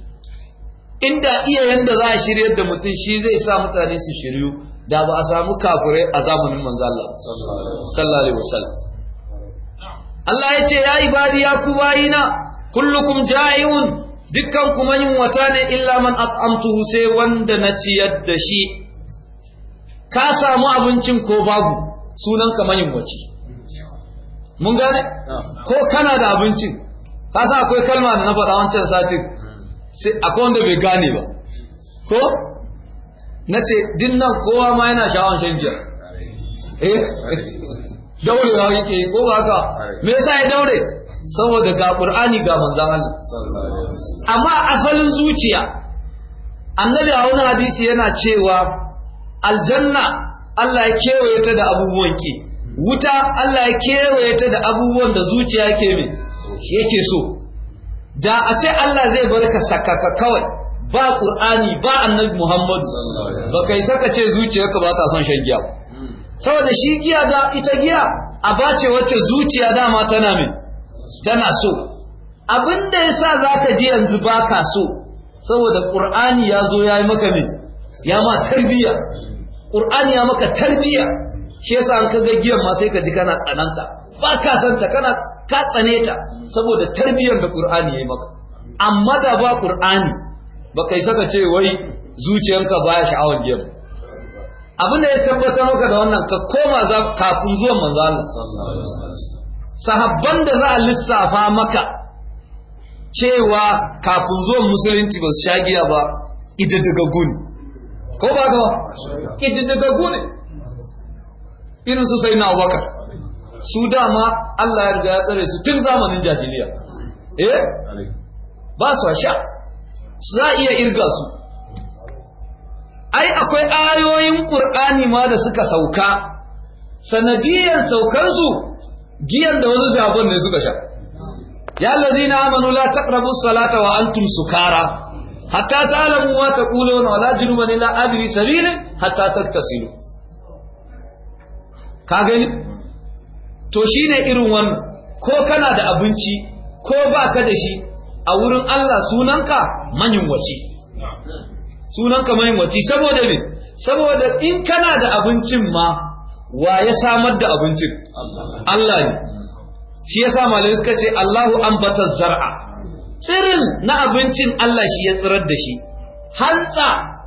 inda iya yanda za a shiryar da mutum shi zai sa mutane su shiryu da ba a samu kafirai a zamanin manzo Allah sallallahu alaihi wasallam Allah ya ce ya ibadi ya ku bayina kullukum ja'iun dukkan kuma yin wata ne illa man at'amtuhu sai wanda na ciyar da shi ka samu abincin ko babu sunan ka manyan wace mun gane ko kana da abincin ka san akwai kalma da na faɗa wancan satin sai akwai wanda bai gane ba ko na ce dinnan kowa ma yana sha'awar shan giya eh daurewa yake yi ko ba haka me yasa ya daure saboda ga qur'ani ga manzon Allah amma asalin zuciya annabi a wani hadisi yana cewa aljanna Allah ya kewaye ta da abubuwan ki wuta Allah ya kewaye ta da abubuwan da zuciya ke mai yake so da a ce Allah zai bar ka sakaka kawai ba Qur'ani ba Annabi Muhammadu ba kai saka ce zuciyarka ba ta son shan giya saboda shi giya da ita giya a bace wacce zuciya dama tana mai tana so Abin abinda yasa zaka ji yanzu baka so saboda Qur'ani ya zo yayi maka mai ya ma tarbiya Qur'ani ya maka tarbiya shi yasa an kaga giyan ma sai ka ji kana tsananta ba ka san ta kana ka tsane ta saboda tarbiyyar da Qur'ani yayi maka amma da ba Qur'ani ba kai saka ce wai zuciyarka baya sha'awar giyan abin da ya tabbatar maka da wannan ka koma za kafin zuwan manzo Allah sahabban da za a lissafa maka cewa kafin zuwan musulunci ba su sha giya ba daga guni ko ba ka ba daga guni irin su sai na waka su dama Allah ya riga ya tsare su tun zamanin jahiliya eh ba su sha za iya irga su ai akwai ayoyin qur'ani ma da suka sauka sanadiyan saukar su giyan da wasu sabon ne suka sha ya allazina amanu la taqrabu salata wa antum sukara hatta ta'lamu wa taquluna la junuban illa adri sabilin hatta tattasilu ka gani to shine irin wannan ko kana da abinci ko ba ka da shi a wurin Allah sunanka wace sunanka wace saboda me saboda in kana da abincin ma wa ya samar da abincin Allah ne shi yasa malamai suka ce Allahu anbata zar'a tsirin na abincin Allah shi ya tsirar da shi hantsa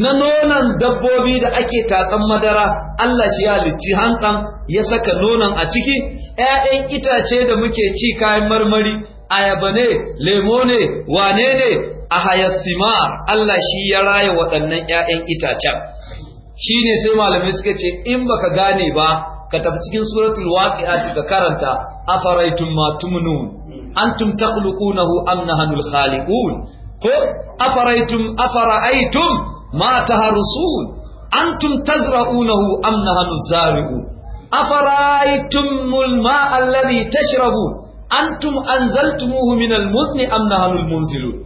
na nonon dabbobi da ake tatsan madara Allah shi ya halicci hankan ya saka nonon a ciki ‘ya'yan itace da muke ci kayan marmari ayaba ne lemo ne wane ne a hayassima Allah shi ya raya waɗannan ‘ya'yan itacen shi ne sai malamai suka ce in baka gane ba ka tafi cikin suratul waqi'a ka karanta afaraitum ma tumnun antum hu am nahnul khaliqun ko afaraitum afaraitum ma taharusun antum tazra'unahu am nahnu zari'u afara'aytumul ma'a alladhi tashrabun antum anzaltumuhu min almuzni am nahnu almunzilun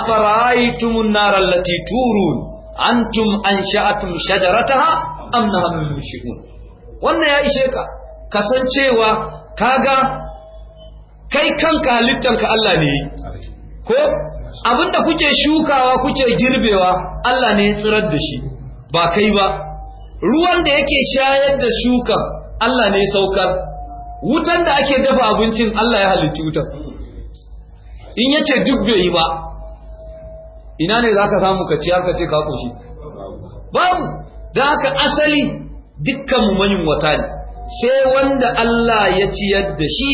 afara'aytumun nar allati turun antum ansha'atum shajarataha am nahnu almunshikun wannan ya ishe ka kasancewa kaga kai kanka halittanka Allah ne ko abinda kuke shukawa kuke girbewa Allah ne ya tsirar da shi ba kai ba ruwan da yake shayar da shukan Allah ne ya saukar wutan da ake dafa abincin Allah ya halitta wutan in yace duk bai yi ba ina ne zaka samu ka ciyar ka ce ka koshi babu da haka asali dukkan mu mayin wata ne sai wanda Allah ya ciyar da shi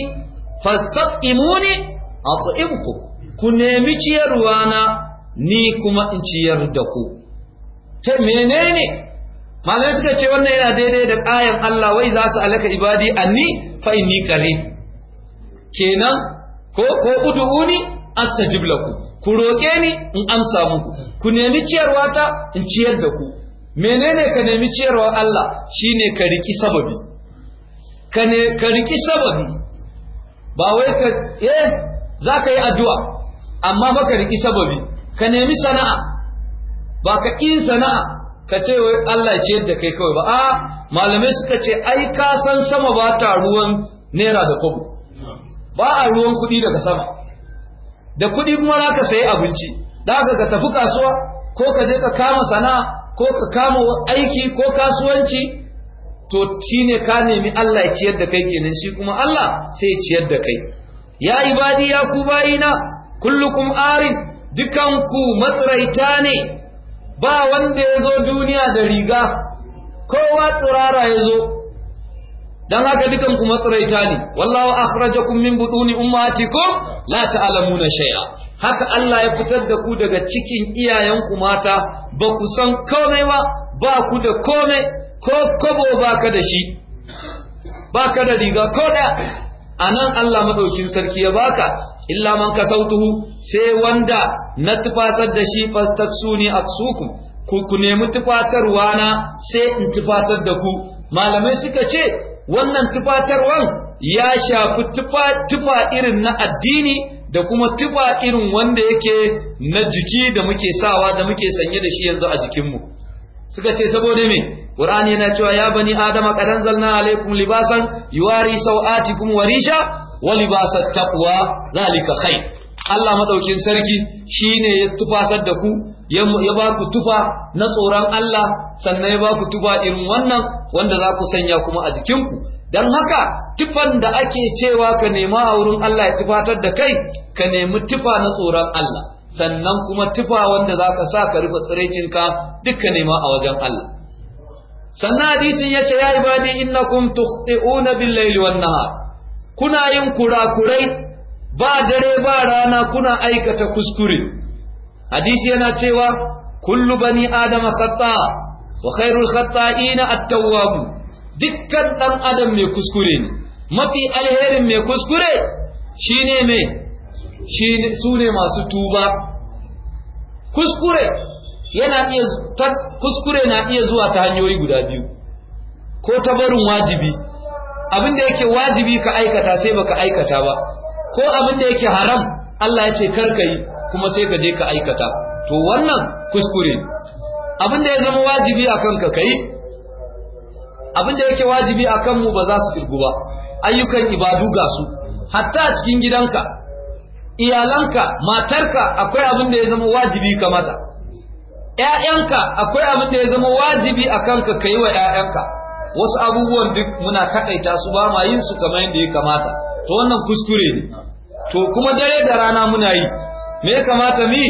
fastaqimuni at'imkum ku nemi ciyarwa na ni kuma in ciyar da ku ta menene malamai suka ce wannan yana daidai da ƙayan Allah wai za su alaka ibadi a ni fai ni kare? kenan ko ko ud'uni sa jibla ku Ku roƙe ni in amsa muku ku nemi ciyarwa ta in ciyar da ku menene ka nemi ciyarwa Allah shi ne ka riƙi sababi ka ne sababi ba wai ka eh za ka yi addu'a amma baka ka riki sababi ka nemi sana'a ba ka ƙin sana'a ka ce wai Allah ce yadda kai kawai ba a malamai suka ce ai ka san sama ba ta ruwan naira da kobo. ba a ruwan kuɗi daga sama da kuɗi kuma za ka sayi abinci da ka tafi kasuwa ko ka je ka kama sana'a ko ka kama aiki ko kasuwanci to shi ne ka nemi Allah ya ciyar da kai kenan shi kuma Allah sai ya ciyar da kai ya ibadi ya ku bayina kullukum arin dukanku matsiraita ne ba wanda ya zo duniya da riga kowa tsirara ya zo don haka dukanku matsiraita ne wallahu akhrajakum min buduni ummatikum la ta'lamuna shay'a haka Allah ya fitar da ku daga cikin iyayenku mata ba ku san komai ba ba ku da komai ko kobo baka da shi baka da riga ko daya a nan Allah maɗaukin sarki ya baka illa man kasautuhu sai wanda na tufatar da shi fastaksuni aksukum ku ku nemi tufatarwa na sai in tufatar da ku malamai suka ce wannan tufatarwan ya shafi tufa irin na addini da kuma tufa irin wanda yake na jiki da muke sawa da muke sanye da shi yanzu a jikinmu suka ce saboda me qur'ani yana cewa ya bani adama qadan zalna alaikum libasan yuwari sawatikum wa risha wa libasat taqwa zalika khair Allah madaukin sarki shine ya tufasar da ku ya ba ku tufa na tsoron Allah sannan ya ba ku tufa irin wannan wanda za ku sanya kuma a jikinku dan haka tufan da ake cewa ka nema a wurin Allah ya tufatar da kai ka nemi tufa na tsoron Allah sannan kuma tufa wanda za ka sa ka rufe tsiraicinka duka nema a wajen Allah sannan hadisin ya ce ya ibadi innakum tukhti'una bil laili wan kuna yin kurakurai ba dare ba rana kuna aikata kuskure hadisi yana cewa kullu bani adama khata wa khairul khata'ina at-tawwab dukkan dan adam mai kuskure ne mafi alherin mai kuskure shine mai su ne masu tuba kuskure yana iya kuskure na iya zuwa ta hanyoyi guda biyu ko ta barin wajibi abinda yake wajibi ka aikata sai baka aikata ba ko abinda yake haram Allah ya ce karka yi kuma sai ka je ka aikata to wannan kuskure abinda ya zama wajibi akan ka kai abinda yake wajibi akan mu ba za su irgu ba ayyukan ibadu ga su hatta cikin gidanka iyalanka matarka akwai abin da ya zama wajibi ka mata ‘ya'yanka akwai abin da ya zama wajibi a kanka ka yi wa ‘ya'yanka wasu abubuwan duk muna takaita su ba ma yin su kamar yadda ya kamata to wannan kuskure ne to kuma dare da rana muna yi me ya kamata mi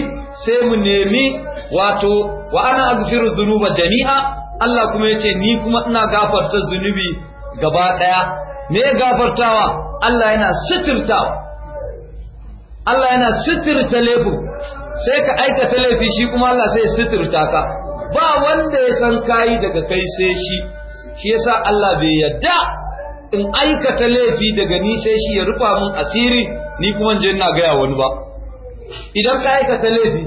sai mu nemi wato wa ana agfiru zunuba jami'a Allah kuma yace ni kuma ina gafarta zunubi gaba ɗaya me gafartawa Allah yana sitirtawa Allah yana sitirta laifin sai ka aikata laifi shi kuma Allah sai suturta ka ba wanda ya san kayi daga kai sai shi shi yasa Allah bai yadda in aikata laifi daga ni sai shi ya rufa mun asiri ni kuma je ina gaya wani ba idan ka aikata laifi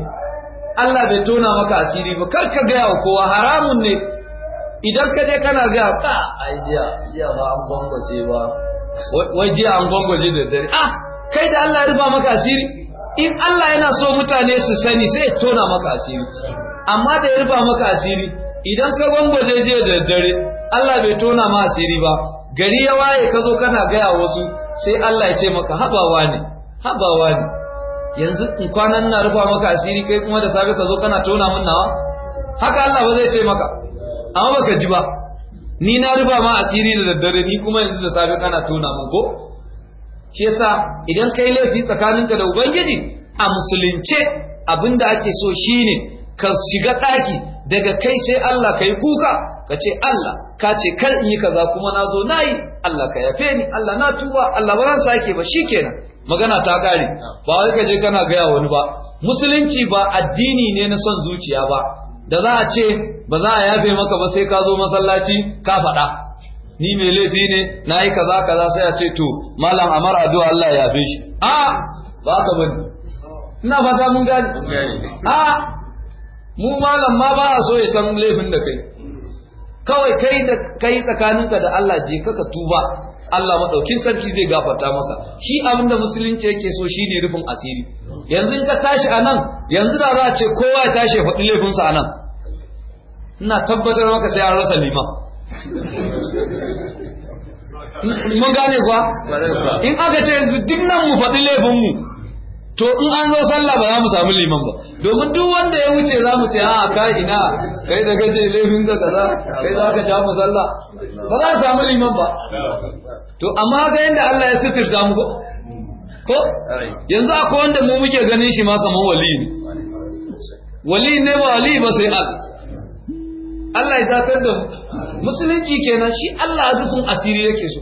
Allah bai tona maka asiri ba kar ka gaya wa kowa haramun ne idan ka je kana gaya ka ai jiya jiya ba an ce ba wai jiya an ce da dare ah kai da Allah ya maka asiri in Allah yana so mutane su sani sai ya tona maka asiri amma da ya rufa maka asiri idan ka zai je da daddare Allah bai tona ma asiri ba gari ya waye ka zo kana gaya wasu sai Allah ya ce maka habawa ne habawa ne yanzu in kwanan na rufa maka asiri kai kuma da safe ka zo kana tona min nawa haka Allah ba zai ce maka amma baka ji ba ni na ruba ma asiri da daddare ni kuma yanzu da safe kana tona min ko shi yasa idan kai laifi tsakaninka da ubangiji a musulunce abin da ake so shine ka shiga ɗaki daga kai sai Allah ka yi kuka ka ce Allah ka ce kar in yi kaza kuma na zo na yi Allah ka yafe ni Allah na tuba Allah ba zan sake ba kenan. magana ta ƙare ba wai ka je kana gaya wani ba musulunci ba addini ne na son zuciya ba da za a ce ba za a yafe maka ba sai ka zo masallaci ka faɗa ni mai laifi ne na yi kaza kaza sai a ce to malam amar addu'a Allah ya fi shi a ba ka bane ina fata mun gani a mu malam ma ba a so ya san laifin da kai kawai kai da kai tsakaninka da Allah je kaka tuba Allah madaukin sarki zai gafarta maka shi abinda musulunci yake so shine rufin asiri yanzu in ka tashi anan yanzu da za a ce kowa ya tashi ya faɗi laifinsa anan ina tabbatar maka sai an rasa liman mun gane kuwa in aka ce yanzu duk nan mu faɗi mu to in an zo sallah ba za mu samu liman ba domin duk wanda ya wuce za mu ce a ka ina kai da gaje laifin ka kaza kai za ka ja mu sallah ba za mu samu liman ba to amma ga yanda Allah ya za mu ko ko yanzu akwai wanda mu muke ganin shi ma kamar wali ne wali ne ba wali ba sai Allah Allah ya datar da musulunci kenan shi Allah a dukun asiri yake so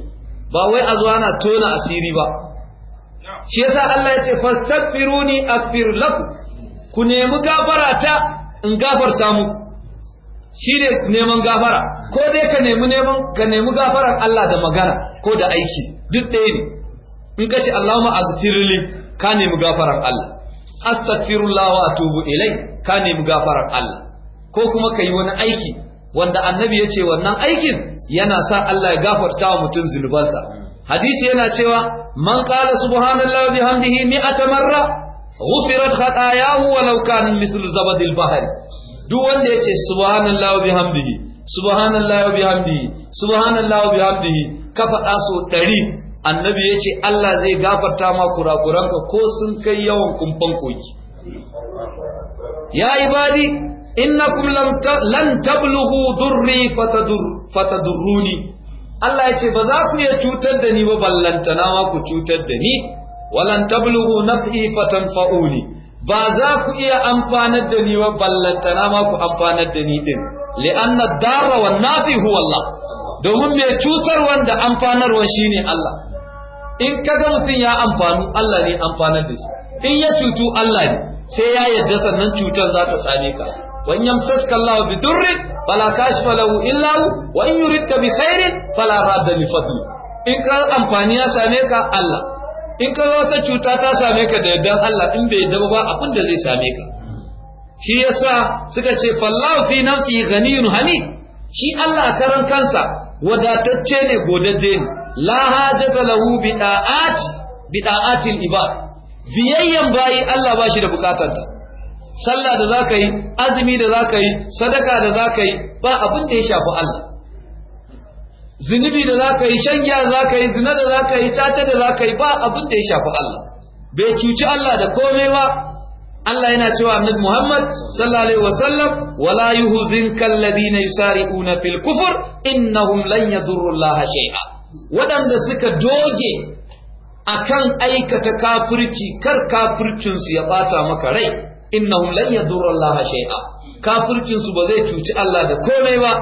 ba wai a zuwa na tona asiri ba shi yasa Allah ya ce fastaghfiruni aghfir lakum ku nemi gafara ta in gafarta mu shi ne neman gafara ko dai ka nemi neman ka nemi gafaran Allah da magana ko da aiki duk ɗaya ne in ka ce Allahumma aghfirli ka nemi gafaran Allah astaghfirullah wa atubu ilai ka nemi gafaran Allah ko kuma ka yi wani aiki wanda annabi ya ce wannan aikin yana sa Allah ya gafarta wa mutum zunubansa hadisi yana cewa man qala subhanallahi bihamdihi mi'ata marra ghufirat khatayahu law kana mithl zabadil bahr duk wanda yace subhanallahi bihamdihi subhanallahi wa bihamdihi subhanallahi wa bihamdihi ka faɗa so 100 annabi yace Allah zai gafarta ma kurakuranka ko sun kai yawan kumfan koki ya ibadi innakum lan tablughu durri fatadurruni Allah ya ce ba za ku iya cutar da ni ba na ma ku cutar da ni walan tablughu naf'i fatanfa'uni ba za ku iya amfanar da ni ba na ma ku amfanar da ni din li'anna dar wa nafi huwa Allah domin mai cutar wanda amfanarwa shine Allah in kaga mutun ya amfanu Allah ne amfanar da shi in ya cutu Allah ne sai ya yadda sannan cutar za ta same ka wa in yamsaska Allah bi durrin fala kashifa lahu illa hu wa in yuridka bi khairin fala radda li fadli in ka amfani same ka Allah in ka wata cuta ta same ka da yardan Allah in bai yarda ba abin da zai same ka shi yasa suka ce fallahu fi gani ghaniyun hamid shi Allah karan kansa wadatacce ne godadde ne la hajata lahu bi da'at bi da'atil ibad biyayyan bayi Allah ba shi da bukatarta sallah da za ka yi azumi da za ka yi sadaka da za ka yi ba abin da ya shafi Allah zunubi da za ka yi shan giya da za ka yi zina da za ka yi tata da za ka yi ba abin da ya shafi Allah bai cuci Allah da kome ba Allah yana cewa annabi Muhammad sallallahu alaihi wasallam wala yuhzinka alladhina yusari'una fil kufr innahum lan yadurru Allah shay'a wadanda suka doge akan aikata kafirci kar kafircin su ya bata maka rai innahum lan yadurru Allah shay'a kafircin su ba zai cuci Allah da komai ba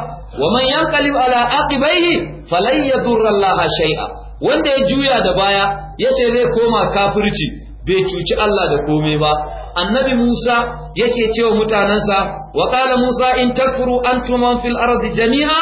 wa man yanqalib ala aqibaihi falan yadurru Allah shay'a wanda ya juya da baya yace zai koma kafirci bai cuci Allah da komai ba annabi Musa yake cewa mutanansa wa qala Musa in takfuru antum man fil ardi jami'a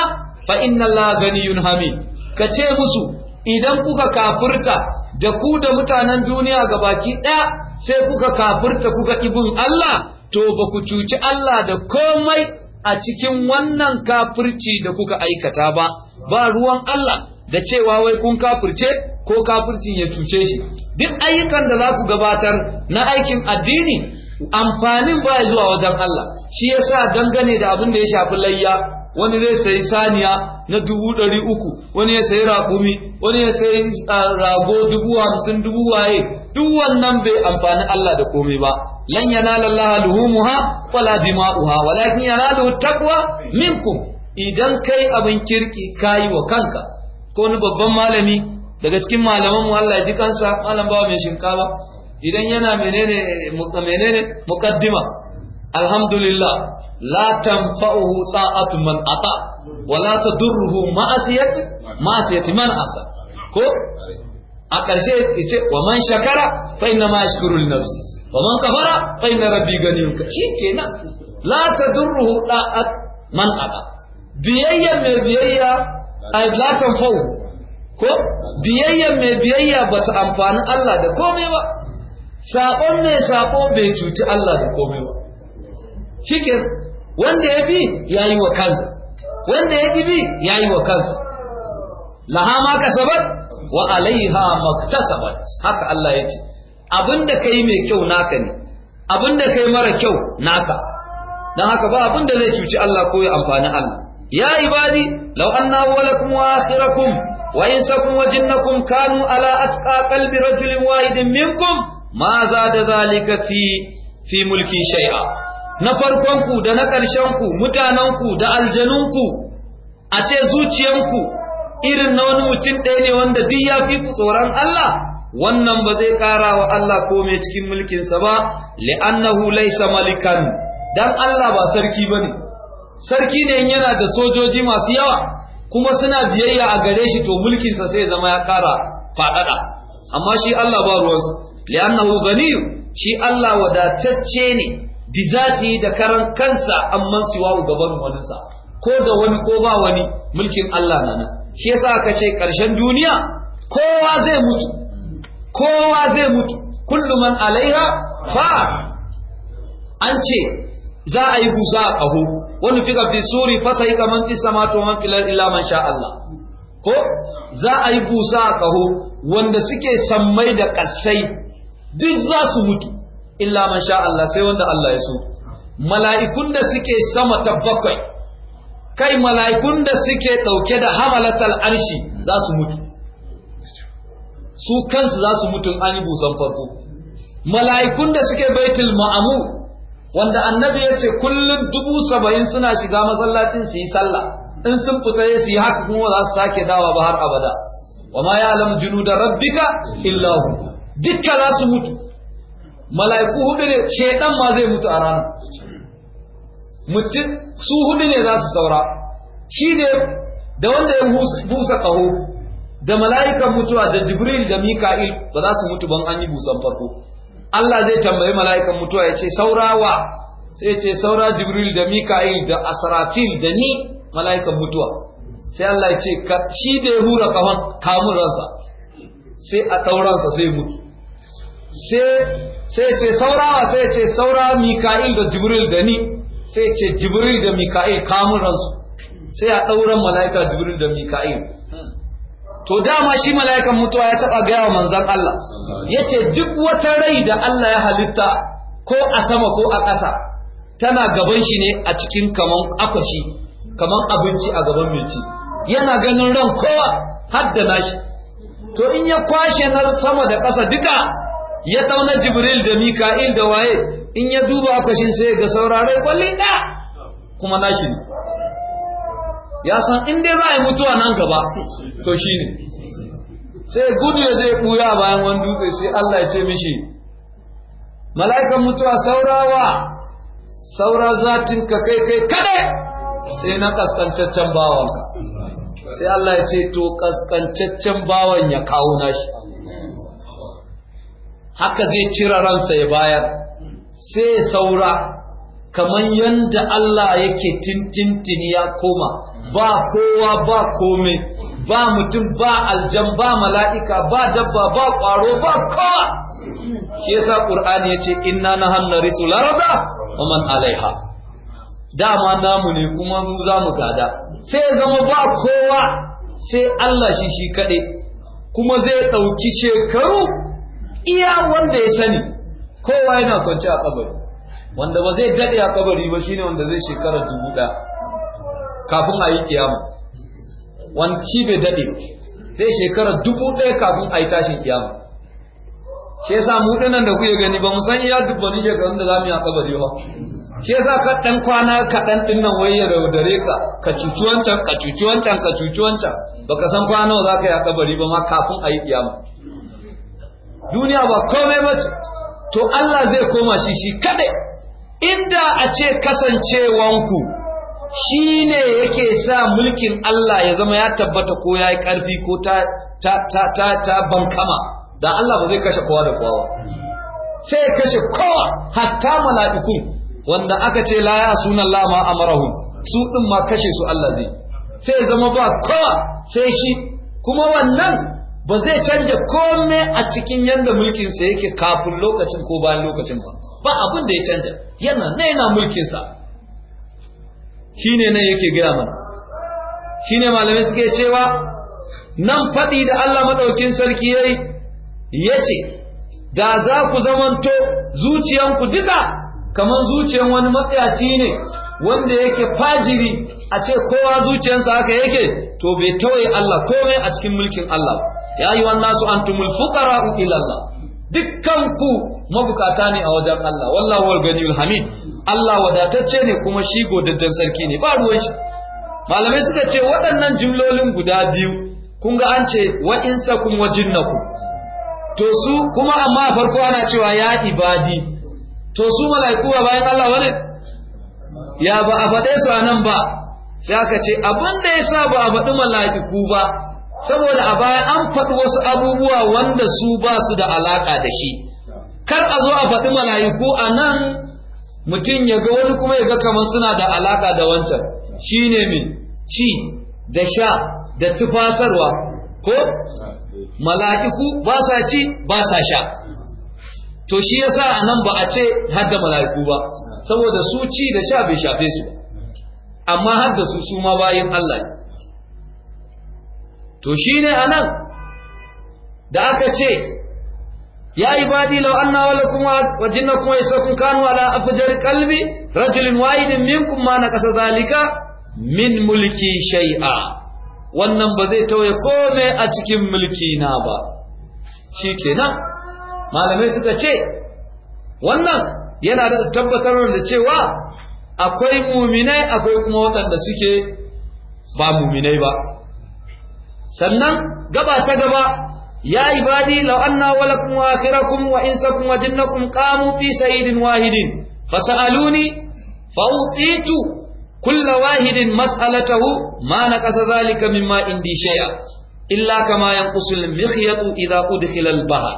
fa inna Allah ganiyun hamid kace musu idan kuka kafirta da ku da mutanen duniya gabaki daya sai kuka kafirta kuka ibin Allah to ba ku cuci Allah da komai a cikin wannan kafirci da kuka aikata ba ba ruwan Allah da cewa wai kun kafirce ko kafircin ya cuce shi duk ayyukan da za ku gabatar na aikin addini amfanin ba zuwa wajen Allah shi yasa dangane da abin da ya shafi layya wani zai sayi saniya na dubu ɗari uku wani ya sayi raƙumi wani ya sayi ah, rago dubu hamsin dubu waye duk wannan bai amfani Allah da komai ba lan yanala Allah luhumuha wala dima'uha walakin yanalu taqwa minkum idan kai abin kirki kai wa kanka ko ni babban malami daga cikin malaman mu Allah ya ji kansa malam bawa mai shinkafa idan yana menene menene muqaddima alhamdulillah la tanfa'uhu ta'atu man ata wala tadurruhu ma'asiyati ma'asiyati man asa ko a ƙarshe ya ce wa man shakara fa inna ma yashkuru li nafsi wa man kafara fa inna rabbi ganiyun shikenan la tadurruhu da'at man aba biyayya mai biyayya ai la tanfau ko biyayya mai biyayya ba ta amfani Allah da komai ba Saƙon mai sabo bai cuci Allah da komai ba shikin wanda ya bi ya yi wa kansa wanda ya bi ya yi wa kansa Lahama kasabar. wa alaiha maktasabat haka Allah yake abinda kai mai kyau naka ne abinda kai mara kyau naka dan haka ba abinda zai cuci Allah ko ya amfani Allah ya ibadi law anna awwalakum wa akhirakum wa insakum wa jinnakum kanu ala atqa qalbi rajulin wahidin minkum ma zada zalika fi fi mulki shay'a na farkon ku da na ƙarshenku mutanenku da ku a ce zuciyanku irin na wani mutum ɗaya ne wanda duk ya fi ku tsoron Allah wannan ba zai ƙara wa Allah komai cikin mulkinsa ba li'annahu laysa malikan dan Allah ba sarki bane sarki ne yana da sojoji masu yawa kuma suna biyayya a gare shi to mulkinsa sai zama ya ƙara faɗaɗa amma shi Allah ba ruwansa li'annahu ghaniy shi Allah wadatacce ne bizati da karan kansa amma siwa gaban sa. ko da wani ko ba wani mulkin Allah na nan shi yasa aka ce ƙarshen duniya kowa zai mutu kowa zai mutu kullum man alaiha fa an ce za a yi guza a ƙaho wani fika fi suri fasa yi kaman fi sama to man filar illa man sha Allah ko za a yi guza a ƙaho wanda suke sammai da ƙasai duk za su mutu illa man sha Allah sai wanda Allah ya so mala'ikun da suke sama ta bakwai kai mala'ikun da suke ɗauke da hamalatal arshi za su mutu su kansu za su mutu an yi busan farko mala'ikun da suke baitul ma'amu wanda annabi ya ce kullum dubu saba'in suna shiga masallacin su yi sallah in sun fita su yi haka kuma za su sake dawa ba har abada wa ma ya alam junu da rabbika illahu dukka za su mutu mala'iku hudu ne shaidan ma zai mutu a ranar mutum su hudu ne za su saura shi ne da wanda ya busa ƙaho da mala'ikan mutuwa da jibril da mika'il ba za su mutu ban an yi busan farko Allah zai tambayi mala'ikan mutuwa ya ce saurawa sai ce saura jibril da mika'il da asrafil da ni mala'ikan mutuwa sai Allah ya ce shi da ya hura kaman kamun ransa sai a ɗauransa sai mutu sai ce saurawa sai ce saura mika'il da jibril da ni sai ce jibril da mika'il kamun sai a ɗauran mala'ika jibril da mika'il to dama shi mala'ikan mutuwa ya taɓa gaya wa manzan Allah ya ce duk wata rai da Allah ya halitta ko a sama ko a ƙasa tana gaban shi ne a cikin kaman akwashi kaman abinci a gaban milci. yana ganin ran kowa haddana shi to in ya kwashe na sama da ƙasa duka ya ɗauna jibril da mika'il da waye in ya duba kashin sai ga saurare kwalli ɗaya kuma nashi ne ya san in dai za a yi mutuwa nan gaba to shi ne sai gudu ya zai ɓuya bayan wani dutse sai Allah ya ce mishi mala'ikan mutuwa saurawa saura zatin ka kai kai kaɗai sai na ƙasƙancaccen ka sai Allah ya ce to ƙasƙancaccen bawan ya kawo nashi haka zai cira ransa ya bayar sai saura kamar yadda Allah yake tintintini ya koma ba kowa ba kome ba mutum ba aljan ba mala'ika ba dabba ba ƙwaro ba kowa shi yasa ƙur'ani ya ce ina na hannun risu laraba wa man alaiha dama namu ne kuma mu za mu gada sai zama ba kowa sai Allah shi shi kaɗai kuma zai ɗauki shekaru iya wanda ya sani kowa yana kwance a kabari wanda ba zai dade a kabari ba shine wanda zai shekara dubu da kafin a yi kiyama wani shi bai dade zai shekara dubu ɗaya kafin a yi tashin kiyama shi yasa mu dinan da kuke gani ba mu san iya dubbani shekarun da zamu yi a kabari ba shi yasa ka ɗan kwana kaɗan dan dinnan wai ya raudare ka ka cuci wancan ka cuci wancan ka cuci wancan baka san kwana za ka yi a kabari ba ma kafin a yi kiyama duniya ba komai ba ce to Allah zai koma shi shi kaɗai inda a ce kasancewanku shi ne yake sa mulkin Allah ya zama ya tabbata ko ya yi ƙarfi ko ta, ta, bankama da Allah ba zai kashe kowa da kowa sai kashe kowa hatta mala'ikun wanda aka ce laya sunan lama marahun su ɗin ma kashe su Allah zai sai zama ba kowa sai shi kuma wannan ba zai canja kome a cikin yadda mulkinsa yake kafin lokacin ko bayan lokacin ba ba abin da ya canja yana na yana mulkinsa shi ne nan yake gaya mana shi ne malamai suke cewa nan faɗi da Allah maɗaukin sarki ya yi ya ce da za ku zamanto zuciyanku duka kamar zuciyan wani matsayaci ne wanda yake fajiri a ce kowa zuciyansa haka yake to bai tawaye Allah komai a cikin mulkin Allah ya ayyuhan nasu tumul fukara ila ilallah dukkanku mabukata ne a wajen Allah wallahu wal ganiyul Allah wadatacce ne kuma shi godaddan sarki ne ba ruwan shi malamai suka ce waɗannan jimlolin guda biyu kun ga an ce wa kun wa jinnakum to su kuma amma farko ana cewa ya ibadi to su mala'iku ba bayan Allah wani ya ba a faɗe su a nan ba sai aka ce abin da ya sa ba a faɗi mala'iku ba saboda a baya an faɗi wasu abubuwa wanda su ba su da alaƙa da shi kar a zo a faɗi mala'iku a nan mutum ya ga wani kuma ya ga kamar suna da alaƙa da wancan shi ne mai ci da sha da tufasarwa ko mala'iku ba sa ci ba sa sha to shi yasa a nan ba a ce har da mala'iku ba saboda su ci da sha bai shafe su amma har da su su ma bayan Allah to shi shine anan da aka ce ya ibadi law anna walakum wa jinnakum wa isakum kanu ala afjar qalbi rajulin wahidin minkum ma naqasa zalika min mulki shai'a. wannan ba zai tauye kome a cikin mulki na ba Shi nan. malamai suka ce wannan yana da tabbatar da cewa akwai muminai akwai kuma waɗanda suke ba muminai ba sannan gaba ta gaba ya ibadi law anna walakum wa akhirakum wa insakum wa jinnakum qamu fi sayyidin wahidin fasaluni fa'utitu kulla wahidin mas'alatahu ma naqasa zalika mimma indi shay'a illa kama yanqusul mikhyatu idha udkhila al-bahr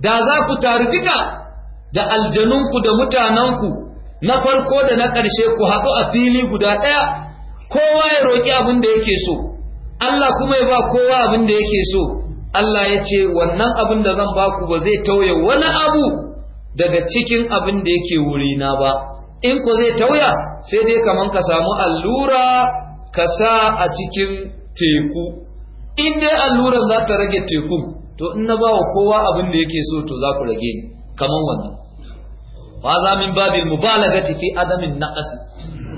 da za ku tarifika da aljanunku da mutananku na farko da na ƙarshe ku haɗu a fili guda ɗaya kowa ya roƙi abin da yake so Allah kuma ya ba kowa abin da yake so Allah ya ce wannan abin da zan baku ba zai tauye wani abu daga cikin abin da yake wurina ba in ko zai tauya sai dai kaman ka samu allura ka sa a cikin teku in dai allura za ta rage teku to in na bawa kowa abin da yake so to za ku rage ni kaman wannan fa za min babin mubalagati fi adamin naqas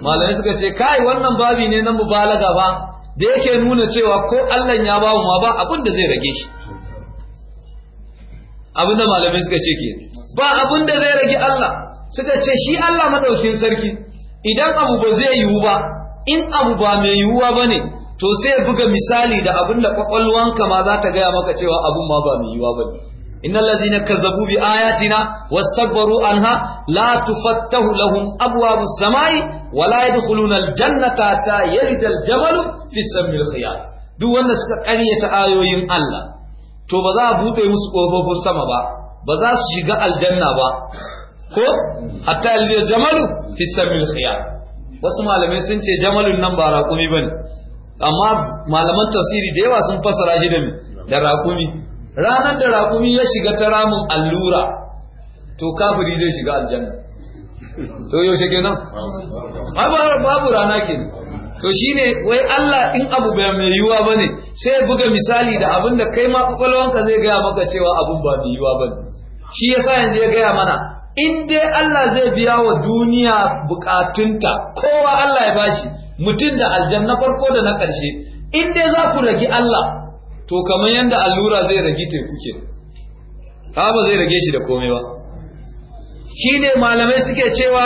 malamai suka ce kai wannan babi ne na mubalaga ba da yake nuna cewa ko Allah ya ba mu ba abin da zai rage shi abin da malamai suka ce ke ba abin da zai rage Allah suka ce shi Allah madaukin sarki idan abu ba zai yiwu ba in abu ba mai yiwuwa ba ne to sai buga misali da abin da kwakwalwanka ma za ta gaya maka cewa abun ma ba mai yiwuwa ba ne innal ladzina kazzabu bi ayatina wastakbaru anha la tufattahu lahum abwabu samai wa la yadkhuluna aljannata ta yalija aljabal fi samil khiyal duk wanda suka ƙaryata ayoyin Allah to ba za a bude musu ƙofofin sama ba ba za su shiga aljanna ba ko hatta yalija jamalu fi samil wasu malamai sun ce jamalun nan ba raƙumi bane amma malaman tafsiri da yawa sun fassara shi da da raƙumi ranar da raƙumi ya shiga ta ramun allura to kafiri zai shiga aljanna to yaushe kenan babu rana kenan to shine wai Allah in abu bai mai yiwuwa bane sai buga misali da abinda kai ma kwakwalwanka zai gaya maka cewa abun ba mai yiwuwa bane shi yasa yanzu ya gaya mana in dai Allah zai biya wa duniya bukatunta kowa Allah ya bashi mutum da aljanna farko da na karshe in dai za ku ragi Allah to kamar yadda allura zai rage teku ke ba zai rage shi da komai ba shi ne malamai suke cewa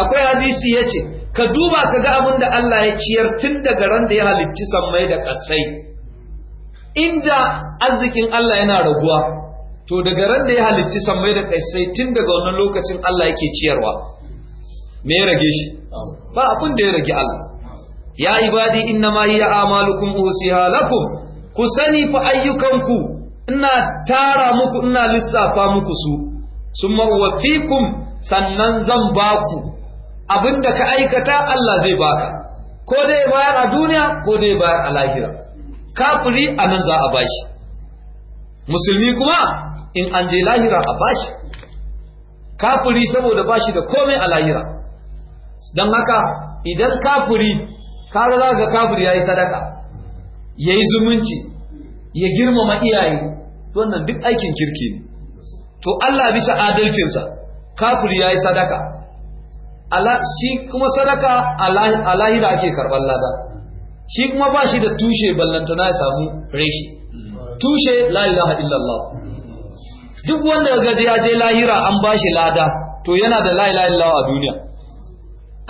akwai hadisi ya ce ka duba ka ga abin da Allah ya ciyar tun daga ran da ya halicci sammai da ƙasai inda arzikin Allah yana raguwa to daga ran da ya halicci sammai da ƙasai tun daga wannan lokacin Allah yake ciyarwa me ya rage shi ba abin da ya rage Allah ya ibadi inna ma hiya amalukum usiha lakum ku sani fa ayyukanku ina tara muku ina lissafa muku su sun marwafikun sannan zan ba Abin abinda ka aikata Allah zai baka ko dai bayar a duniya ko dai bayar a lahira kafiri a nan za a bashi musulmi kuma in an je lahira a bashi kafiri saboda bashi da komai a lahira don haka idan kafiri ka za ga kafiri ya yi sadaka ya yi zumunci ya girmama iyaye wannan duk aikin kirki ne to Allah bisa adalcinsa kafir ya yi sadaka shi kuma sadaka a lahira ake karɓar lada shi kuma ba shi da tushe ballantana ya samu reshi tushe la ilaha illallah duk wanda gaji ya je lahira an ba shi lada to yana da la ilaha illallah a duniya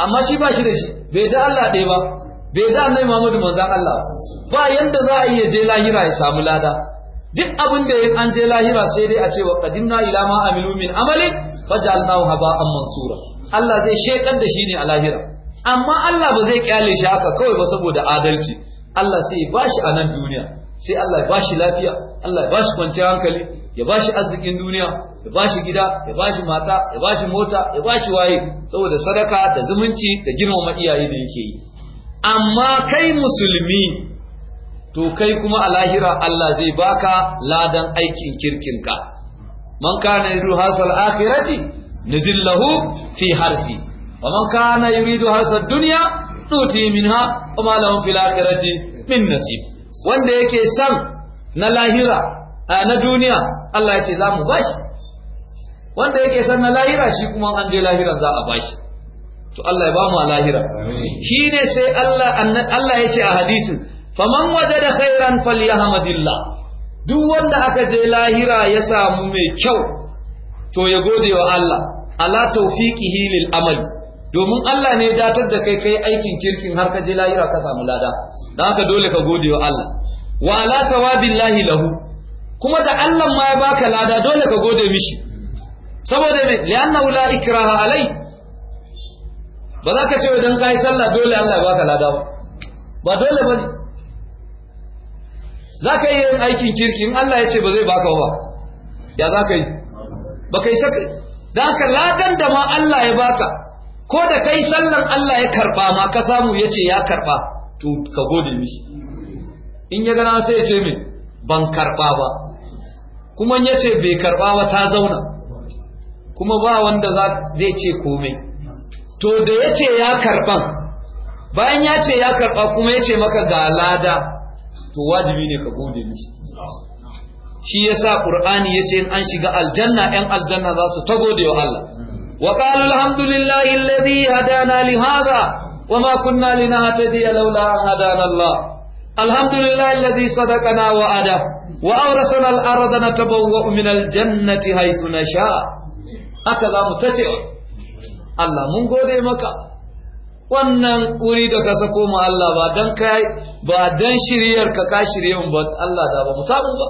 amma shi ba shi da shi bai da Allah ɗaya ba bai da annabi Muhammadu manzon Allah ba yanda za a iya je lahira ya samu lada duk abin da an je lahira sai dai a ce wa qadimna ila ma amilu min amalin faj'alnahu haba'an mansura Allah zai shekar da shi ne a lahira amma Allah ba zai kyale shi haka kawai ba saboda adalci Allah sai ba shi a nan duniya sai Allah ya shi lafiya Allah ya shi kwanciyar hankali ya ba shi arzikin duniya ya ba shi gida ya ba shi mata ya ba shi mota ya ba shi waye saboda sadaka da zumunci da girmama iyaye da yake yi amma kai musulmi to kai kuma a lahira Allah zai baka ladan aikin kirkinka man kana yuridu hasal akhirati nuzillahu fi harsi wa man kana yuridu hasal dunya nuti minha wa ma lahum fil akhirati min nasib wanda yake san na lahira na duniya Allah ya ce za mu bashi wanda yake san na lahira shi kuma an je lahiran za a bashi to Allah ya bamu a lahira ne sai Allah Allah ya ce a hadisin faman wajada khairan falyahmadillah duk wanda aka je lahira ya samu mai kyau to ya gode wa Allah ala tawfiqihi lil amali domin Allah ne ya datar da kai kai aikin kirkin har ka je lahira ka samu lada dan haka dole ka gode wa Allah wa ala tawabillahi lahu kuma da Allah ma ya baka lada dole ka gode mishi saboda me li'annahu la ikraha alai ba za ka ce idan ka yi sallah dole Allah ya baka lada ba ba dole ba ne za ka yi aikin kirki in Allah ya ce ba zai baka ba ya za ka yi ba ka yi sakai da aka ladan da ma Allah ya baka ko da kai sallan Allah ya karba ma ka samu ya ce ya karba to ka gode mishi in ya gana sai ya ce min ban karba ba kuma ya ce bai karba ba ta zauna kuma ba wanda zai ce komai to da ya ce ya karɓan bayan ya ce ya karɓa kuma ya ce maka ga lada to wajibi ne ka gode mishi shi ya sa ƙur'ani ya ce in an shiga aljanna ‘yan aljanna za su ta gode wa Allah wa ƙalu alhamdulillahi alladhi hadana li hadha wa ma kunna linahtadiya laula an hadana Allah alhamdulillahi alladhi sadaqana wa ada wa awrasana al-ardha natabawwa min al-jannati haythu nasha haka za mu ta cewa Allah mun gode maka wannan wuri da ka sako mu Allah ba dan kai ba dan shiryar ka ka shirye mu ba Allah da ba mu samu ba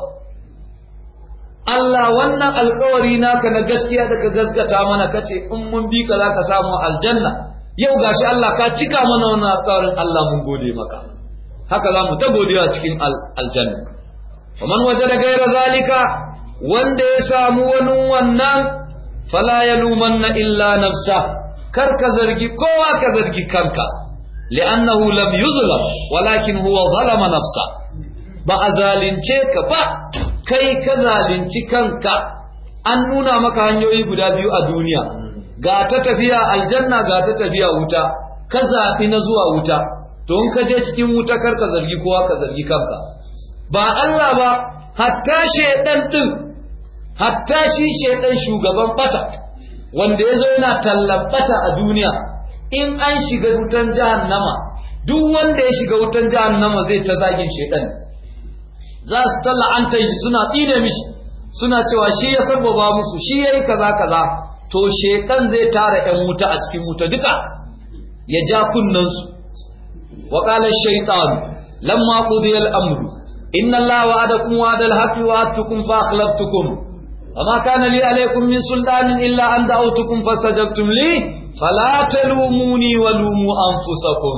Allah wannan alƙawari naka na gaskiya da ka gaskata mana kace in mun bi ka zaka samu aljanna yau gashi Allah ka cika mana wannan alƙawarin Allah mun gode maka haka za mu ta godiya cikin aljanna man waje da gaira zalika wanda ya samu wani wannan fala ya lumanna illa nafsa kar ka zargi kowa ka zargi kanka li'annahu lam yuzlam walakin huwa zalama nafsa ba a zalince ka ba kai ka zalunci kanka an nuna maka hanyoyi guda biyu a duniya ga ta tafiya aljanna ga ta tafiya wuta ka zafi na zuwa wuta to in ka je cikin wuta kar ka zargi kowa ka zargi kanka ba Allah ba hatta shedan din hatta shi shedan shugaban bata wanda ya zo yana tallabata a duniya in an shiga wutan nama, duk wanda ya shiga wutan nama zai ta zagin shaidan za su talla'anta shi suna tsine mishi suna cewa shi ya sababa musu shi ya yi kaza kaza to shaidan zai tara yan wuta a cikin wuta duka ya ja kunnansu wa qala shaytan lamma qudiya al-amru inna allaha wa'adakum wa'dal haqqi wa atukum fa akhlaftukum amma kana li alaikum min sultanin illa an da'awtukum fastajabtum li fala talumuni wa lumu anfusakum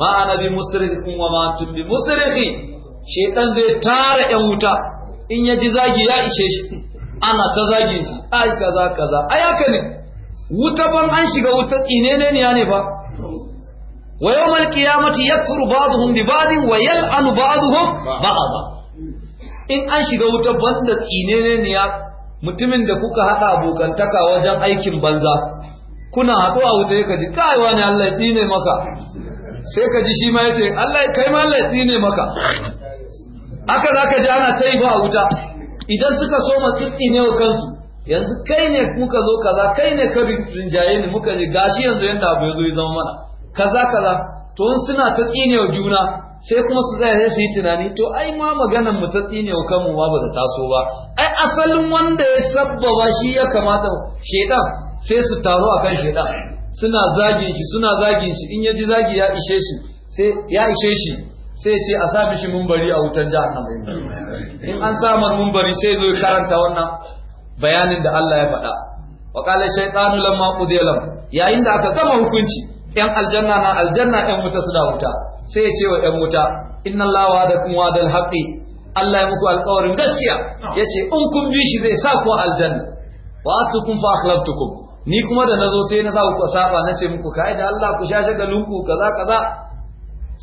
ma ana bi musrikum wa ma bi musrikhi shaytan zai tara yan wuta in ya ji ya ishe shi ana ta zagi shi ai kaza kaza ai haka wuta ban an shiga wuta tsinene ne ya ne ba wa yawmal qiyamati yakfuru ba'dhum bi ba'd wa yal'anu ba'dhum in an shiga wuta banda tsinene ne mutumin da kuka haɗa abokantaka wajen aikin banza kuna haɗuwa wuta ya kaji kai wani Allah ya tsine maka sai ka ji shi ma ya ce Allah kai ma Allah ya tsine maka aka za ka ji ana ta yi ba a wuta idan suka so ma tsitsine wa kansu yanzu kai ne muka zo kaza kai ne ka rinjaye ne muka ne gashi yanzu yanda abu ya zo ya zama mana kaza kaza to suna ta tsine wa juna sai kuma su tsaya su yi tunani to ai ma maganan mu tatsi ne wa kanmu ma ba ta taso ba ai asalin wanda ya sabbaba shi ya kamata shedan sai su taro akan shedan suna zagin shi suna zagin shi in ya ji zagi ya ishe shi sai ya ishe shi sai ce a sa mishi mumbari a wutan jahannama in an samar mumbari sai zo karanta wannan bayanin da Allah ya faɗa wa qala shaytanu lamma qudiya yayin da aka gama hukunci yan aljanna na aljanna yan wuta suna wuta sai ya ce wa yan wuta inna da wa'adakum wa'dal haqqi Allah ya muku alƙawarin gaskiya Ya ce in kun bi shi zai sa ku aljanna wa kun fa akhlaftukum ni kuma da nazo sai na sa ku saba nace muku kai da Allah ku shashe da lunku kaza kaza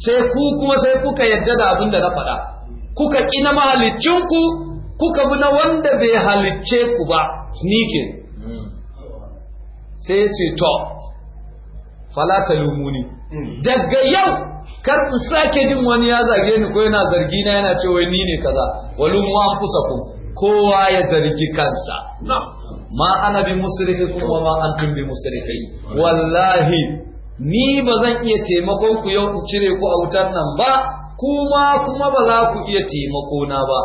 sai ku kuma sai kuka yadda da abin da na faɗa kuka ki na mahalicinku kuka bi na wanda bai halicce ku ba ni ke sai ya ce to fala lumuni daga yau kar sake jin wani ya zage ni ko yana zargi na yana cewa ni ne kaza kusa ku? kowa ya zargi kansa ma ana bi musrihi kuma ma antum bi musrihi wallahi ni ba zan iya taimakon ku yau in cire ku a wutar nan ba kuma kuma ba za ku iya taimako na ba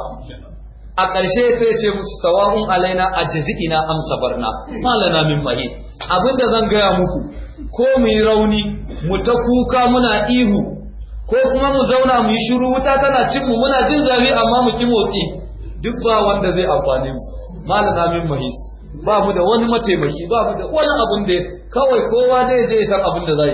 a ƙarshe sai ce musu sawa'un alaina a jazi'ina amsa barna malana min mahi abinda zan gaya muku ko mu yi rauni mu ta kuka muna ihu ko kuma mu zauna mu yi shiru wuta tana cin mu muna jin zafi amma mu ki motsi duk ba wanda zai amfane mu malama min mahis ba mu da wani mataimaki ba mu da wani abun da kawai kowa zai je san abin da zai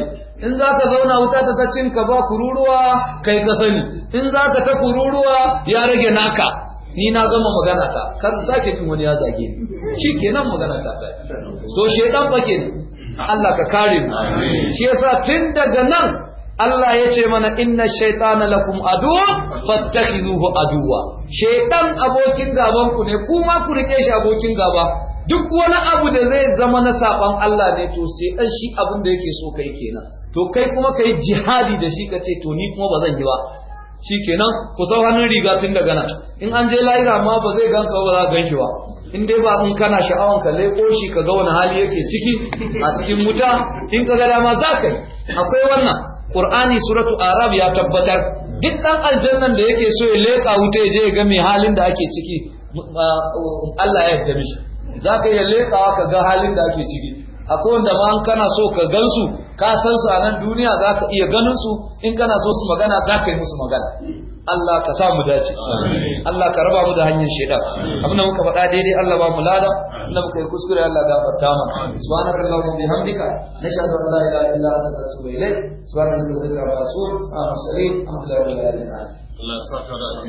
in za ka zauna wuta ta ta cin ka ba kururuwa kai ka sani in za ka ta kururuwa ya rage naka ni na gama magana ta kar sake tun wani ya zage ni shikenan magana ta ta so shedan fa kenan Allah ka kare mu shi yasa tun daga nan Allah ya ce mana inna shaitana lakum adu fattakhizuhu aduwa shaitan abokin gaban ku ne kuma ku rike shi abokin gaba duk wani abu da zai zama na saban Allah ne to sai dan shi abin da yake so kai kenan to kai kuma kai jihadi da shi kace to ni kuma ba zan yi ba shikenan ku sau hannun riga tun daga nan in an je lahira ma ba zai ganka ba za ka ganki ba in dai ba in kana sha'awan ka leko shi ka ga wani hali yake ciki a cikin wuta in ka ga dama za ka yi akwai wannan qur'ani suratu arab ya tabbatar duk dan aljannan da yake so ya leka wuta ya je ya ga me halin da ake ciki uh, Allah ya yarda mishi za ka iya lekawa ka ga halin da ake ciki akwai wanda ma an kana so ka gansu ka san su a nan duniya za ka iya ganin su in kana so su magana za ka yi musu magana Allah ka sa mu dace Allah ka raba mu da hanyar shaidan abin da muka faɗa daidai Allah ba mu lada inda muka yi kuskure Allah gafarta mu subhanallahi wa bihamdika nashhadu an la ilaha illa anta astaghfiruka wa ilayk subhanallahi wa bihamdika subhanaka wa bihamdika